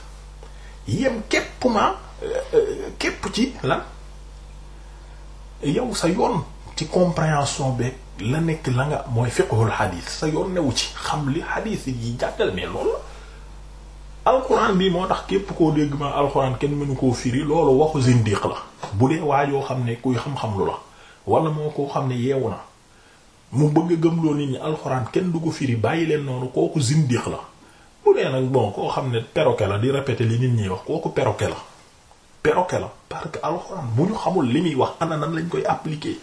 yem képp ma euh, euh, képp ci lan yow sa yoon ci compréhension bi la nekk la nga mooy fiqhul xadiis sa yoon newu ci xam li xadiis yi jàngal mais loolu la alxuraan bi moo tax képp koo dégg ma alxuraan kenn mënu koo firi loolu waxu zindiq la bu dee waajoo xam ne kuy xam-xam lu la wala moo koo xam ne yeewu na mu bëgg a gëmloo nit ñi alxuraan kenn du ko firi bàyyi leen noonu kooku zindiq la bu dee nag bon koo xam ne perroquet la di répéter li nit ñi wax kooku peroke la perroquet la parce que alxuraan bu ñu xamul li muy wax ana nan lañ koy appliquer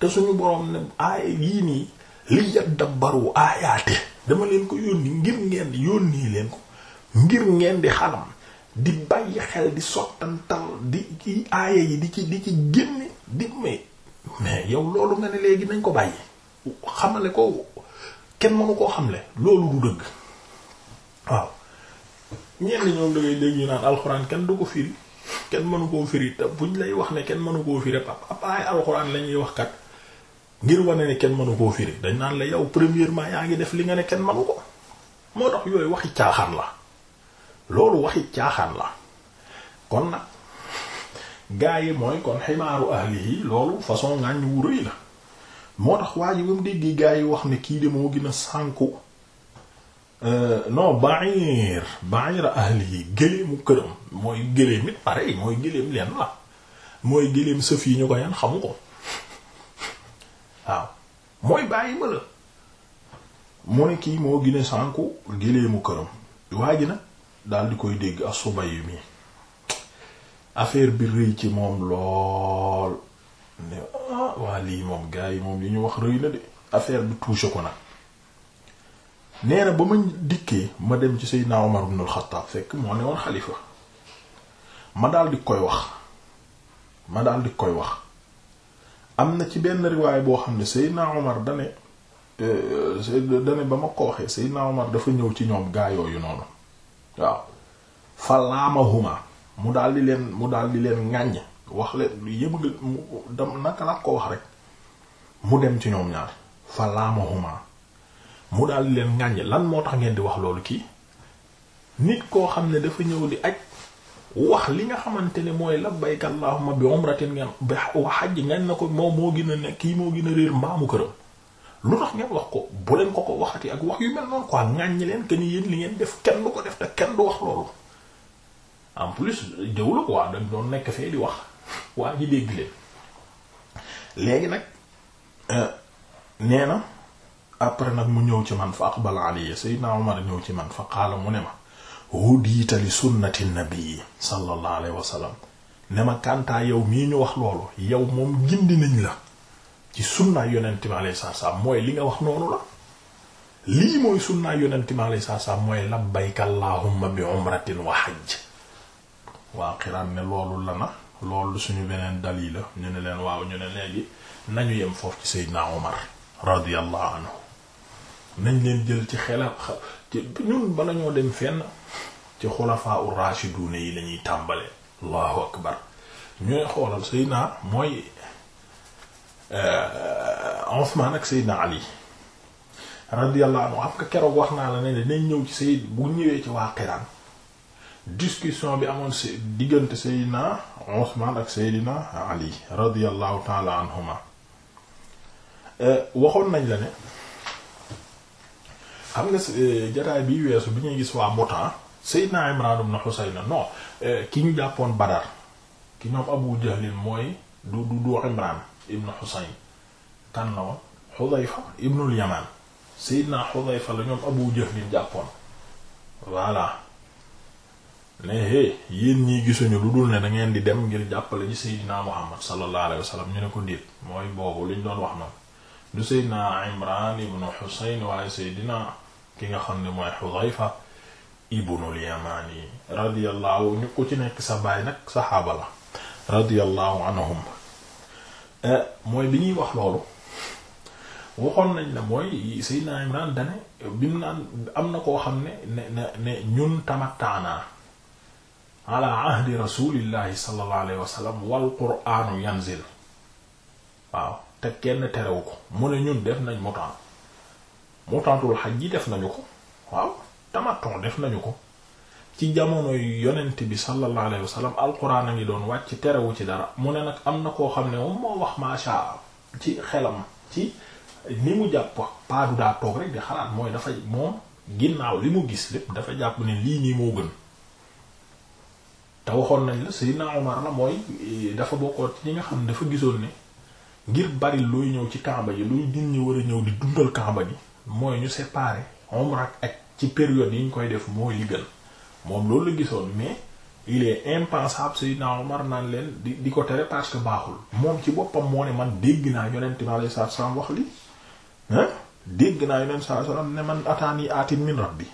te suñu borom ne aaya yii nii li yaddabbaru aayaate dama leen ko yónni ngir ngeen di yónni leen ko ngir ngeen di xalam di bàyyi xel di sottantal di ci aaya yi di ci di ci génne di mais mais yow loolu nga ne léegi nañ ko bàyyi xamale ko kenn mënu koo xamle loolu du dëgg waaw ñenn ñoom da ngay naan alxuraan kenn du ko firi kenn mënu koo firi te buñ lay wax ne kenn mënu koo firi la ñuy wax kat ngir wane ne kenn mënu koo firi dañ naan la yow premièrement yaa ngi def li nga ne kenn mënu ko moo tax yooyu waxi caaxaan la loolu waxi caaxaan la kon nag gaa yi mooy kon ximaaru ahli yi loolu façon ngaañ wu rëy la. moo tax waa ji ba mu déggee gaa yi wax ne kii de moo gën a sànku euh, non ba'ir ba'ir ahli gëleemu këram mooy gëleem it pareil mooy gëleem leen la mooy gëleem sëf yi ñu ko yan xamu ko waaw mooy bàyyi ma la mu ne kii moo gën a sànku gëleemu këram waa ji nag di koy dégg asubay mi affaire bi rëy ci moom lool ne ah waa lii moom gars yi moom li ñu wax rëy na de affaire bi touché ko nag nee ba ma dikkee ma dem ci Seydina Omar ibn al-Khattab fekk moo ne woon xalifa ma daal di koy wax ma daldi koy wax am na ci benn riwaay boo xam ne Seydina Omar dane euh, dane ba ma ko waxee Seydina Omar dafa ñëw ci ñoom gaa yooyu noonu waaw fa mu daal di leen mu daal di leen ŋàññ wax le lu yëbëgga dam naka laa ko wax rek mu dem ci ñoom ñaar fa laamahuma mu daal di leen ŋàññi lan moo tax ngeen di wax loolu kii nit koo xam ne dafa ñëw di aj wax li nga xamante ne mooy labbayka allahumma bi umratin ngeen bi wa hajj ngeen na ko moom moo gën a ne kii moo gën a réer mbaamu këram lu tax ngeen wax ko bu leen ko ko waxati ak wax yu mel noonu quoi ŋàññi leen que ni li ngeen def kenn lu ko def te kenn du wax loolu en plus jëw la quoi dañ doon di wax. waa ji dégg léegi nag euh, nee na après nag mu ñëw ci man fa aqbal alayya sayyidna Umar ñëw ci man fa qaala mu ne ma hudiita li sunnati nabii sallallahu alayhi wa sallam ne ma kantaa yow mii ñu wax loolu yow moom gindi nañ la ci sunnaay yonente mi alayhi salaatu salaam mooy li nga wax noonu la lii mooy sunnaay yonente mi alayhi salaatu salaam mooy labbayka allahumma bi umratin wa hajj waa xiraan ne loolu la na loolu suñu beneen dalil la ñu ne leen waaw ñu ne léegi nañu yem foofu ci Seydina Omar radiyallahu anhu nañ leen jël ci xelal ci ñun bala ñoo dem fenn ci xulafaa ur rashidun yi lañuy tàmbale allahu akbar ñooy xoolal Seydina mooy euh, Ousmane ak Seydina Ali radiyallahu anhu xam nga keroog wax naa la ne dinañ ñëw ci Seyd bu ñëwee ci waa Qiraan discussion bi amoon diggante Seydina Usmaan ak Seydina eh, waxoon nañ la ne xam nga eh, jataay bi weesu bi ñuy gis waa Mutaa Seydina Imraan ibn Husayn non eh, ki ñu jàppoon Badar ki ñoom Abu Jahlin mooy du du du Imraan ibn Husayn kan la ibnul Yamaan Seydina Hudayfa la ñoom Abu Jahlin jàppoon voilà ne hé yéen ñi gisuñu lu dul ne dangeen di dem ngir jàppale ji Seydina Muhammad sallallahu alayhi wa sallam ñu ne ko ndiit mooy boobu liñ doon wax noonu du Seydina Imran ibnu Husayn waaye Seydina ki nga xam ne mooy Hudhayfa ibnul Yamani radiyallahu ñu ku ci nekk sa baay nag saxaaba la radiyallahu anhum eh, mooy bi ñuy wax loolu waxoon nañ la mooy Seydina Imran dane bi mu naan am na koo xam ne ne ne ñun tamattaanaa ala ahdi rasulillahi sallallahu alayhi wa sallam wal qur'anu yanzil waaw te kenn terewu ko mu ne ñun def nañ mutaan mutaatul xaj yi def nañu ko waaw tamaton def nañu ko ci jamono yonent bi sallallahu alayhi wa sallam a ngi doon wàcc terewu ci dara mu ne nag am na koo xam ne moom moo wax maasha ci xelam ci ni mu jàpp paadu daa toog rek di xalaat mooy dafa moom ginnaaw li mu gis lépp dafa jàpp ne lii nii moo gën te waxoon nañ la Seydina Omar la mooy eh, dafa bokkoon ci nga xam ne dafa gisoon ne ngir bari looy ñëw ci Kaaba ji luy nit ñi war a ñëw di dundal Kaaba ji mooy ñu séparer umra ak ak ci période yi ñu koy def moo li gën moom loolu la gisoon mais il est impensable Seydina Omar naan leen di di ko tere parce baaxul moom ci boppam moo ne man dégg naa yonent bi alayhi salaatu salaam wax li hein dégg naa yonent salaatu salaam ne man ataani aatin min rabbi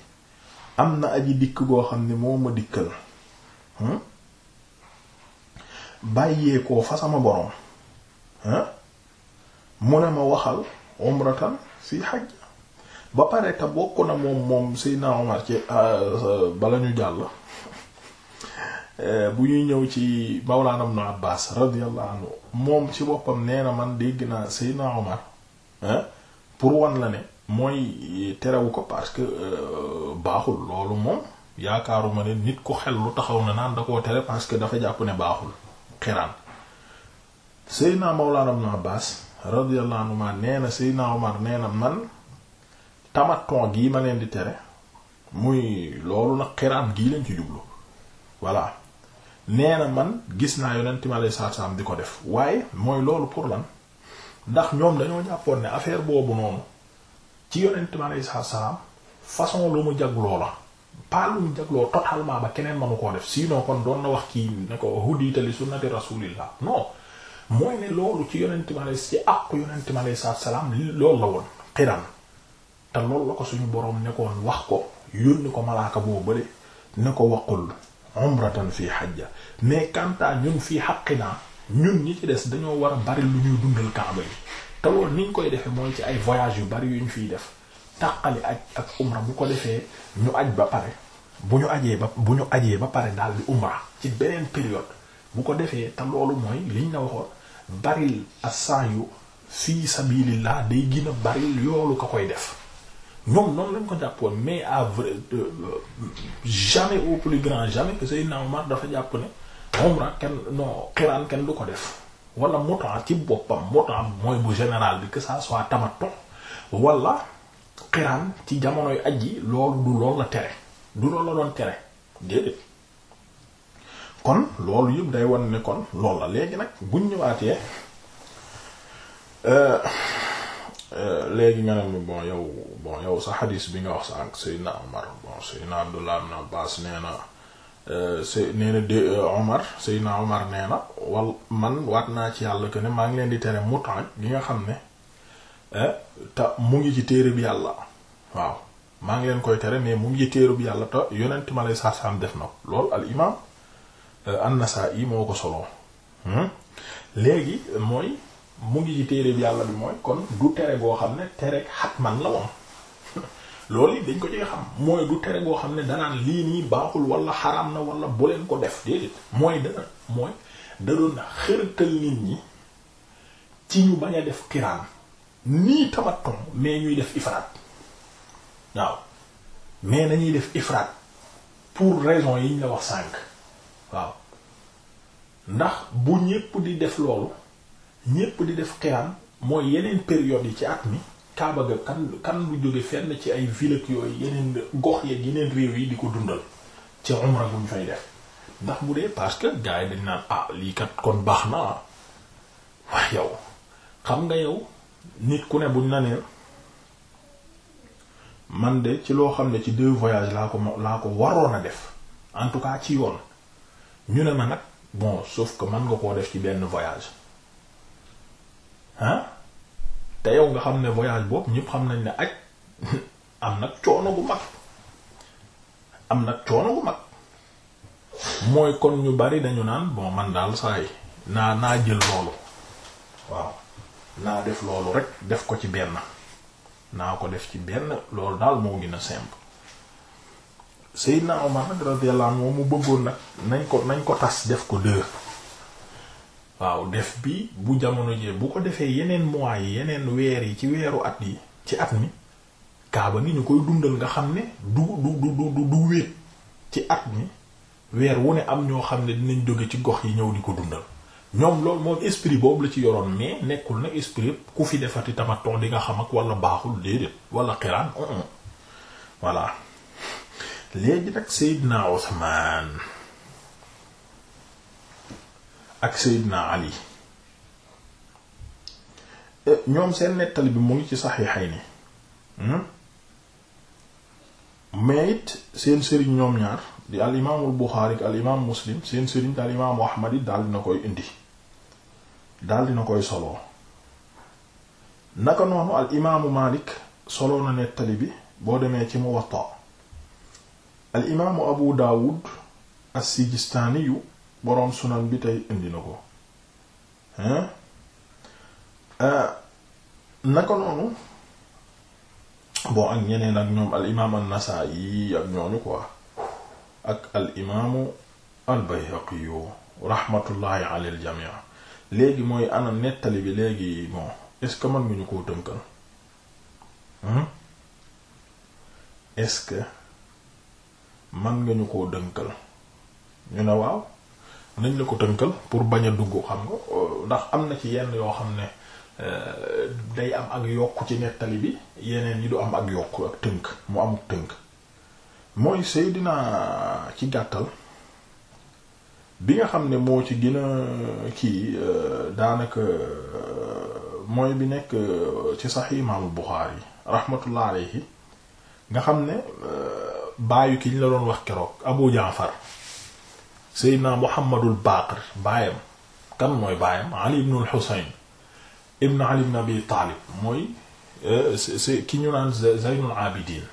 am na aji dikk goo xam ne moo ma dikkal Hmm? bàyyeekoo fa sama borom hmm? mu ne ma waxal umratan fi hajj ba pare te bokk na moom moom Seydina Omar ci ah, bala ñu jàll eh, bu ñuy ñëw ci Mawlana Ibn Abbas radiyallahu anhu moom ci boppam nee na man dégg naa Seydina Omar eh, pour wan la ne mooy terewu ko parce que eh, baaxul loolu moom yaakaaruma ne nit ko xel lu taxaw na naan da koo tere parce que dafa jàpp ne baaxul xiraan Seydina Mawlana Ibn Abbas radiyallahu anhuma nee na Seydina Omar nee na man tamaton gi ma leen di tere muy loolu nag xiraan gii lañ ci jublu voilà nee na man gis naa yonent mi alayhi salaatu salaam di ko def waaye mooy loolu pour lan ndax ñoom dañoo jàppoon ne affaire boobu noonu ci yonent mi alayhi salaatu salaam façon lu mu jag loola pas lu mu jagloo totalement ba keneen manu koo def sinon kon doon na wax kii ne ko hudita li sunnati rasulillah non mooy ne loolu ci yonente mi alei ci àqu yonente mi aleyi salaatu salaam loolu la woon xiran te loolu la ko suñu boroom nekkoon wax ko yónni ko malaaka boo bële ne ko waqul umratan fii hajja mais kanta ñun fii xaqinaa ñun ñi ci des dañoo war a bari lu ñuy dundal kaaba yi te loolu niñ koy defee mooy ci ay voyage yu bari ñu fiy def tàqali ak ak umra bu ko defee ñu aj ba pare bu ñu ajee ba bu ñu ajee ba pare daal di umra ci beneen période bu ko defee te loolu mooy liñ la waxoon baril as-sa'yu fi sabilillah day gën a baril yoolu ko koy def ñoom noonu lañ ko jàppoon mais à vrai euh, euh, jamais au plus grand jamais que Seydina Omar dafa jàpp ne umra kenn non xiraan kenn du ko def wala muta ci boppam muta mooy bu général bi que ça soit tamattu wala xiraan ci jamonoy aj ji loolu du loolu la tere du loolu la doon tere déedéet kon loolu yëpp day wan ne kon loolu la léegi nag buñ ñëwaatee euh, euh, léegi nga ne ma bon yow bon yow sa xadiis bi nga wax sa ànk Seydina Omar bon Seydina Abdullah ibn Abbas nee na euh, sey nee na de Omar Seydina Omar nee na wal man waat naa ci yàlla ko ne maa ngi leen di tere mutaan gi nga xam ne Eh? ta mu ngi ci téereb yàlla waaw maa ngi leen koy tere mais mu ngi ci téereb yàlla te yonent ma lay sarsam def na ko loolu al imaam eh, an-Nasa'i moo ko soloo hmm? léegi mooy mu ngi ci bi yàlla bi mooy kon du tere goo xam ne tere xatman la (laughs) dañ ko ci mooy tere goo xam ne danaan lii nii baaxul wala xaraam na wala bu leen ko def déedéet mooy dana mooy da doon xërtal nit ñi ci ñu bañ def kiraan nii tamattu mais ñuy def ifraat waaw mais nañuy def ifraat pour raison yi nga wax sànq waaw ndax bu ñépp di def loolu ñépp di def xiraan mooy yeneen période yi ci at mi kaaba ga kan kan lu jóge fenn ci ay ville ak yooyu yeneen gox yeeg yeneen réew yi di ko dundal ci umra bu ñu fay def ndax bu dee parce que gars yi dañ naan ah lii kat kon baax na ah yow xam nga yow nit ku ne bu na man de ci loo xam ne ci deux voyages laa ko laa ko waroon a def en tout cas ci yoon ñu ne na nag bon sauf ko mën nga koo def ci benn voyage ah te yow nga xam ne voyage boobu ñëpp xam nañ ne aj (laughs) am nag coono bu mag am nag coono bu mag mooy kon ñu bari dañu naan bon man daal saa yi naa naa jël loolu waaw naa def loolu rek def ko ci benn naa ko def ci benn loolu daal moo gën a simple Seydina Omar nag radiyallahu anhu mu bëggoon nag nañ ko nañ ko tas def ko deux waaw def bi bu jamono jee bu ko defee yeneen mois yi yeneen weer yi ci weeru at yi ci at mi kaaba ni ñu koy dundal nga xam ne du du du du du wéet ci at mi weer wu ne am ñoo xam ne dinañ jóge ci gox yi ñëw di ko dundal ñoom loolu moom esprit boobu la ci yoroon mais nekkul na esprit ku fi defati tamaton di nga xam ak wala baaxul déedéet wala xiraan voilà léegi nag Seydina Ousmane ak Seydina Ali eh, ñoom seen nettali bi mu ngi ci saxiixay ni hmm? mais it seen sëriñ ñoom ñaar di al imaamul Buxaari ak al imaam Muslim seen sëriñ te al imaamu naka noonu soloo na nettali bi boo demee ci Muwatta al imaamu Abu Daawud as-Sijistaani yu boroom sunan bi tey indi na ko hein euh, naka noonu bon ak ñeneen ak ñoom al imaam an-Nasaa'i ak ñooñu quoi ak al imaamu al bayhaqi rahmatullahi ala al jamii léegi mooy ana nettali bi léegi bon est-ce que mën nga ñu koo tënkal hmm? est-ce que mën nga ñu koo dënkal ñu ne waaw nañ la ko tënkal pour bañ a dugg xam nga ndax am na ci yenn yoo xam ne euh, day am ak yokk ci nettali bi yeneen yi du am ak yokk ak tënk mu am tënk mooy Seydina ci gàttal bi nga xam ne moo ci gën a kii euh, daanaka euh, mooy bi nekk euh, ci Sahih Imaamul Buxaari rahmatullah alayhi nga xam ne baayu ki ñu la doon wax keroog Abu Jaafar Seydina Muhammadul Baaqir baayam kan mooy baayam Ali ibn al-Husayn ibn Ali ibn Abi Taalib mooy ki ñu naan Zaynul Abidin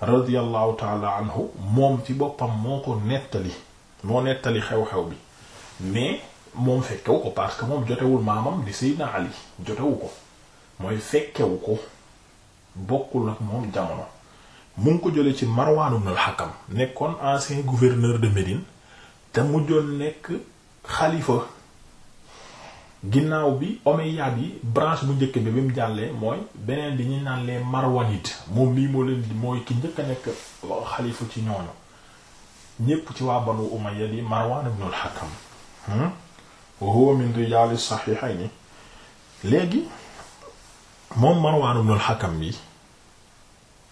radiyallahu taala anhu moom ci boppam moo ko nettali moo nettali xew-xew bi mais moom fekkewu ko parce que moom jotewul maamam di Seydina Ali jotewu ko mooy fekkewu ko bokkul ak moom jamono mu ko jële ci Marwan ibn al-Hakam nekkoon ancien gouverneur de Médine te mujjoon nekk xalifa ginnaaw bi omeyyad yi branche bu njëkk bi bi mu jàllee mooy beneen bi ñu naan les marwanid moom lii moo leen mooy ki njëkk a nekk xalifa ci ñooñu ñépp ci waa banu umayya di marwan ibn al-hakam hmm? wa huwa min rijal as-sahihayn léegi moom marwan ibn al bi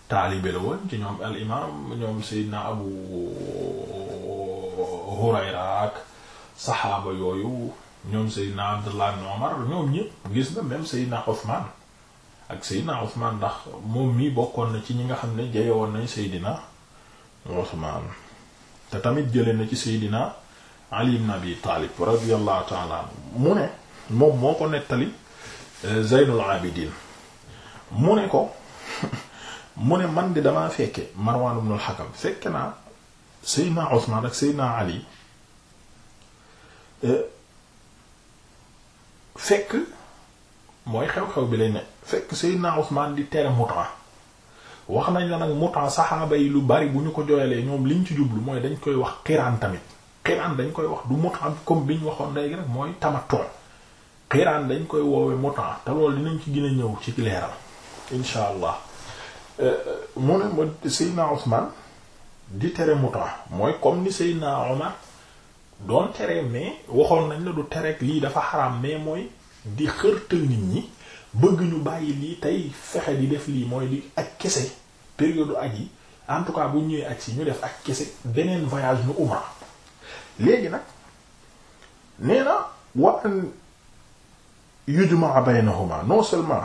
taalibe la woon ci ñoom al imam ñoom sayyidina abu hurayra saxaaba yooyu ñoom Seydina Abdullah ibn Umar ñoom ñëpp gis na même Seydina Ousmane ak Seydina Ousmane ndax moom mii bokkoon na ci ñi nga xam ne jeyewoon nañ Seydina Ousmane te tamit jële na ci Seydina Ali ibn Abi Talib radiyallahu ta'ala mu ne moom moo ko nettali euh, Zaynul Abidin mu ne ko (laughs) mu ne man di damaa fekke Marwan hakam fekke naa Seydina Ousmane ak Seydina Ali euh, fekk mooy xew-xew bi lay ne fekk Seydina Usmaan di tere mutaa wax nañ la nag mutaa saxaaba yi lu bari bu ñu ko jooyalee ñoom liñ ci jublu mooy dañ koy wax xiraan tamit xiraan dañ koy wax du mutaa comme bi ñu waxoon léegi rek mooy tamattu xiraan dañ koy woowe mutaa te loolu dinañ ci gën a ñëw ci leeral incha allah euh, mu ne ma Seydina Usmaan di tere mutaa mooy comme ni Seydina Omar doon tere mais waxoon nañ la du tereeg lii dafa xaram mais mooy di xërtal nit ñi bëgg ñu bàyyi lii tey fexe di def lii mooy di ak kese période ak yi en tout cas bu ñëwee ak si ñu def ak kese beneen voyage ñu umra léegi nag nee na wa an yujma baynahuma non seulement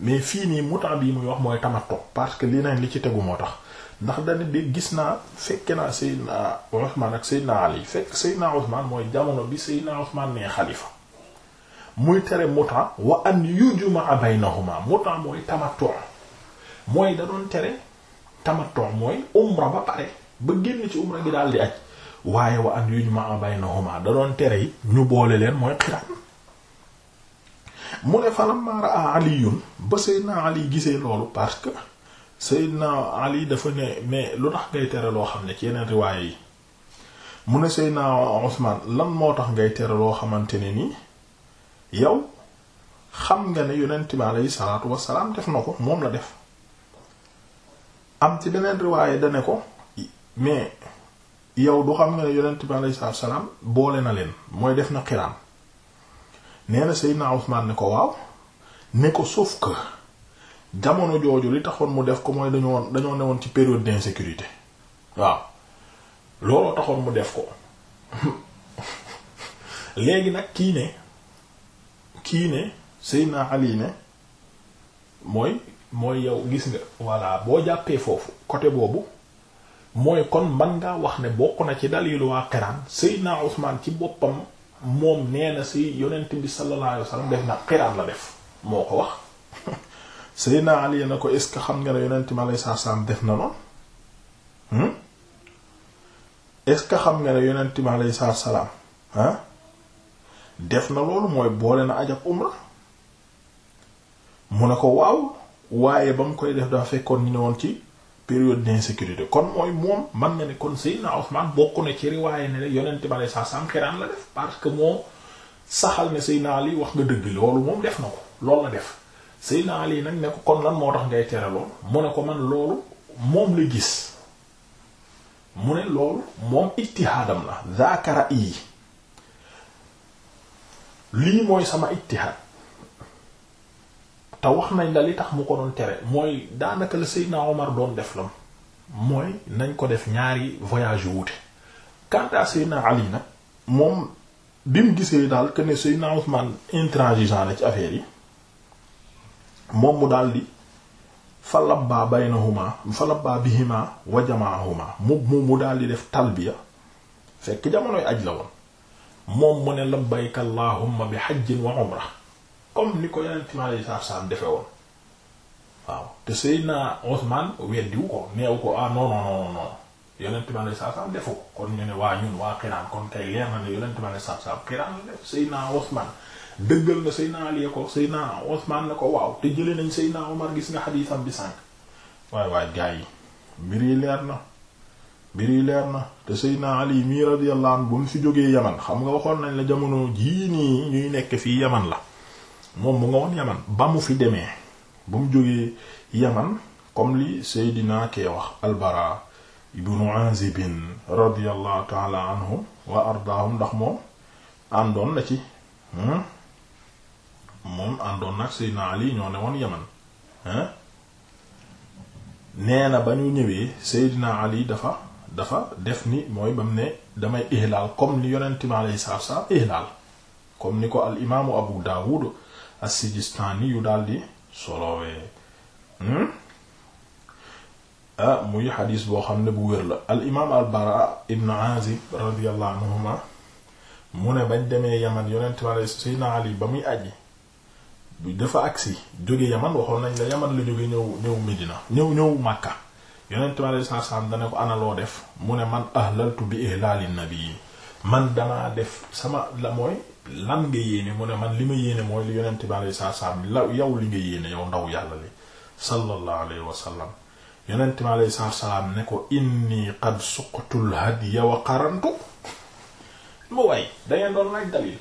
mais fii nii muta bii muy wax mooy tamat tamattu parce que li neen li ci tegu moo tax ndax dañu bi gis naa fekke naa Seydina Ousmane Ali fekk Seydina Ousmane mooy jamono bi Seydina Ousmane nee xalifa muy tere muta wa an yujma baynahuma muta mooy tamattu mooy da doon tere tamattu mooy umra ba pare ba génn ci umra gi daal di aj waaye wa an yujma baynahuma da doon tere yi ñu boole leen mooy xiraan mu ne falam maara a aliyun ba Seydina Ali gisee loolu parce que Seydina Ali dafa ne mais lu tax ngay tere loo xam ne ci yeneen riwaaye yi mu ne Seydina Usmaan lan moo tax ngay tere loo xamante ni nii yow xam nga ne yonent bi aleyhi salaatu wassalaam def na ko moom la def am ci beneen riwaaye da ne ko mais yow du xam nga ne yonent bi aleyhi salaatu boole na leen mooy def na xiraan nee na Seydina ne ko waaw ne ko sauf que jamono jooju li taxoon mu def ko mooy dañu woon dañoo newoon ci période d'insécurité waaw looloo taxoon mu def ko (laughs) léegi nag kii ne kii ne Seydina Ali ne mooy mooy yow gis nga voilà boo jàppee foofu côté boobu mooy kon man ngaa wax ne bokk na ci dalilu waa Qiraan Seydina Usmaan ci boppam moom nee na si yonent bi sallallahu alayhi def naa Qiraan la def moo ko wax Seydina Ali na ko est-ce que xam nga ne yonent mi alayhi salaam def na noonu hmm? est-ce que xam nga ne yonent mi alayhi salaam def na loolu mooy boole na aj ak umra mu ne ko waaw waaye ba mu koy def daa fekkoon ñu ne woon ci période d'insécurité kon mooy moom man nga ne kon Seydina Ousmane bokk na ci riwaaye ne yonent mi alayhi salaam xiraan la def parce que moo saxal ne Seydina Ali wax nga dëgg loolu moom def na ko loolu la def. Seydina Ali nag ne ko kon lan moo tax ngay tere lool mu ne ko man loolu moom la gis mu ne loolu moom ijtihaadam la zaakara yi lii mooy sama ijtihaad te wax nañ la li tax mu ko doon tere mooy daanaka la Seydina Omar doon def lam mooy nañ ko def ñaari voyage wuute quant à Seydina Ali nag moom bi mu gisee daal que ne Seydina Ousmane intransigeant na ci affaire yi moom mu daldi fa labbaa baynahuma fa labbaa bihima wa jamaahuma mu mu mu daldi def talbiya fekk jamonoy aj la woon moom mu ne labbayka allahumma bi hajjin wa umra comme ni ko yonent mi alayhi salaatu salaam defe ah, defu kon ñu ne waa ñun waa Qiraan kon kay leer na ne yonent mi alayhi salaatu salaam Qiraan la def Seydina Ousmane dëggal na Seydina Ali ya ko Seydina na ko waaw te jëlee nañ Seydina Omar gis nga xadiisam bi sànq waaye waaye gaa yi mbir yi leer na mbir yi leer na te Seydina Ali mii radiyallahu anhu mu fi jógee Yaman xam nga waxoon nañ la jamono jii nii ñuy nekk fii Yaman la moom mu nga woon Yaman ba mu fi demee ba mu jógee Yaman comme li Seydina kee wax Albara ibnu Azib radiyallahu ta'ala anhu wa ardaahum ndax moom àndoon na ci hmm? moom àndoon nag Seydina Ali ñoo ne woon Yaman hein nee na ba ñu ñëwee Seydina Ali dafa dafa def ni mooy bam ne damay ihlaal comme ni yonent mi comme ni ko al imaamu Abu Dawud as-Sijistani yu daldi solowee hmm? a ah, muy xadiis boo xam ne bu wér la al imaam al Bara ibn Azib radiyallahu anhuma mu ne bañ demee Yaman yonent mi alayhi Seydina Ali ba muy aji bi dafa agsi jóge yaman waxoon nañ la yaman la jóge ñëw ñëw Medina ñëw ñëw Makka yonent mi alei sat salaam dana ko ana loo def mu ne man ahlaltu bi ihlaalin nabi man damaa def sama la mooy lan nga yéene mu ne man li ma yéene mooy li yonent bi alei sat salaam la yow li nga yéene yow ndaw yàlla li sallallahu alayhi wa sallam yonent mi alei sat salaam ne ko inni qad suqtul hadiya wa qarantu mu way dangeen doon laaj dalil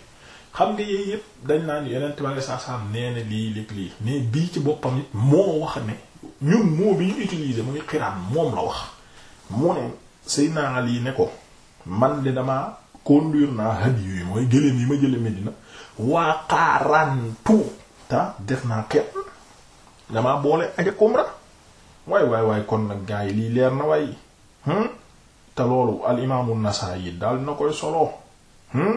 xam nga yooyu yëpp dañ naan yonent ma nga saasaam nee na lii léeg lii mais bii ci boppam it moo wax ne ñun moo bi ñu utiliser muy xiraan moom la wax mu ne Seydina Ali ne ko man de dama conduire naa had yooyu mooy gëléem yi ma jële Medina waa xaarantu ta def naa xet damaa boole aja umra waay waaye waay kon nag gaa yi lii leer na waay hmm? te loolu al nasaa yi daal na koy soloo hmm?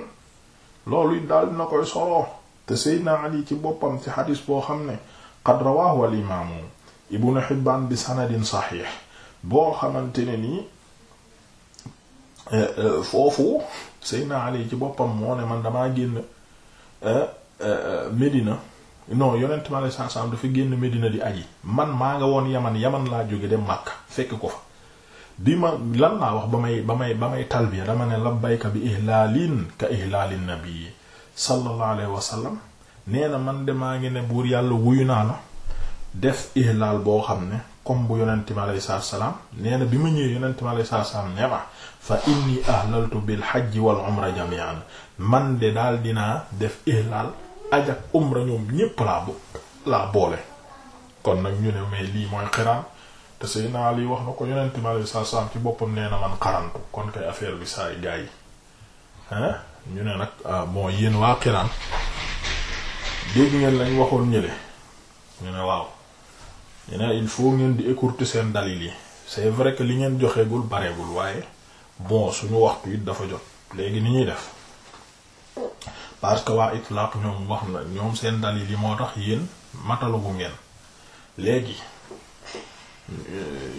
loolu daal dina koy soloo te Seydina Ali ci boppam ci xadis boo xam ne qad rawaahu al imaamu ibnu Hibbaan bi sanadin saxiix boo xamante ne nii eh, eh, foofu Seydina Ali ci boppam moo ne man damaa génn eh, Medina non yonent ma la saa saam dafa génn Medina di aji man maa nga woon yaman yaman laa jóge dem Makka fekk ko fa bi ma lan laa wax ba may ba may ba may talbiya dama ne labbayka bi ihlalin ka ihlalin nabi sallallahu alayhi wa sallam nee na man de maa ngi ne buur yàlla wuyu naa la def ihlal boo xam ne comme bu yonente mi alayhi salaam nee na bi ma ñëwee yonente mi alayhi salaatu salaam ma fa inni ahlaltu bil hajji wal umra jami'an man de daal dinaa def ihlal aj ak umra ñoom ñépp laa bo laa boole kon nag ñu ne mais lii mooy xiraan te Seydina Ali wax na ko yonent mi alayhi salaatu salaam ci boppam nee na man xarantu kon kay affaire bi saa yu gaay yi ñu ne nag ah, bon yéen waa Qiraan dégg ngeen lañ waxoon ñële ñu ne waaw ñu ne il faut ngeen di écourter seen dalil yi c'est vrai que li ngeen joxeegul bareegul waaye bon suñu waxtu it dafa jot léegi ni ñuy def. parce que waa itlaq ñoom wax na ñoom seen dalil yi moo tax yéen matalagu ngeen léegi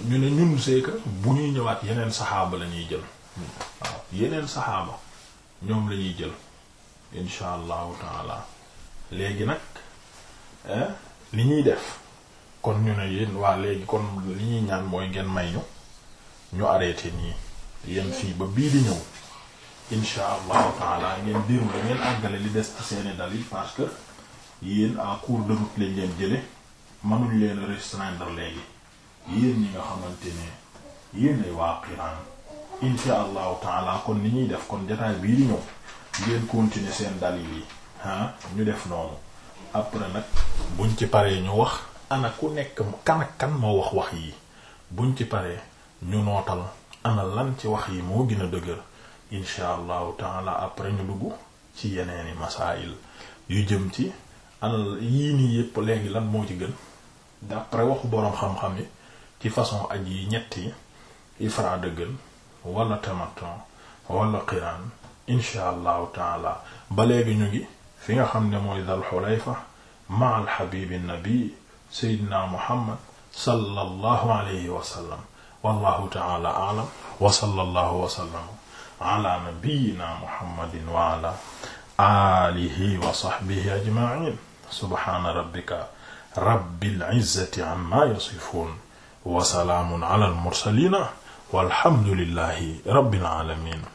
ñu ne ñun c'est bu ñuy ñëwaat yeneen saxaaba la ñuy jël waaw yeneen saxaaba ñoom la ñuy jël insha allahu taala léegi nag li ñuy def kon ñu ne yéen waa léegi kon li ñuy ñaan mooy ngeen may ñu ñu arrêté nii yem fii ba bii di ñëw insha allahu taala ngeen diir ba àggale li des ci seeni dalil parce que yéen à cours de lañ leen jële mënuñ leen restreindre léegi yéen ñi nga xamante ne yéenay waa Qiraan insha allahu taala kon ni ñuy def kon jotaay bii di ñëw ngeen continuer seen dalil yi ah ñu def noonu après nag buñ ci paree ñu wax ana ku nekk kan kan moo wax wax yi buñ ci paree ñu nootal ana lan ci wax yi moo gën a dëgër insha allahu taala après ñu dugg ci yeneeni masail yu jëm ci ana yii nii yépp léegi lan moo ci gën d'après waxu boroom xam-xam yi ci façon aj yi ñetti ifraada gën wala tamaton wala qiraan insha allahu taala ba léegi ñu ngi fi nga xam ne mooy dal xulayfa ma al habibi nabi seydina muhammad sallallahu alayhi wa sallam wallahu taala aalam wa sallallahu wa sallam ala nabiyyina muhammadin wa ala alihi wa sahbihi ajma'in subhana rabbika rabbil izzati amma yasifun wa salaamun ala al mursaliina walhamdulillahi rabbil aalamiin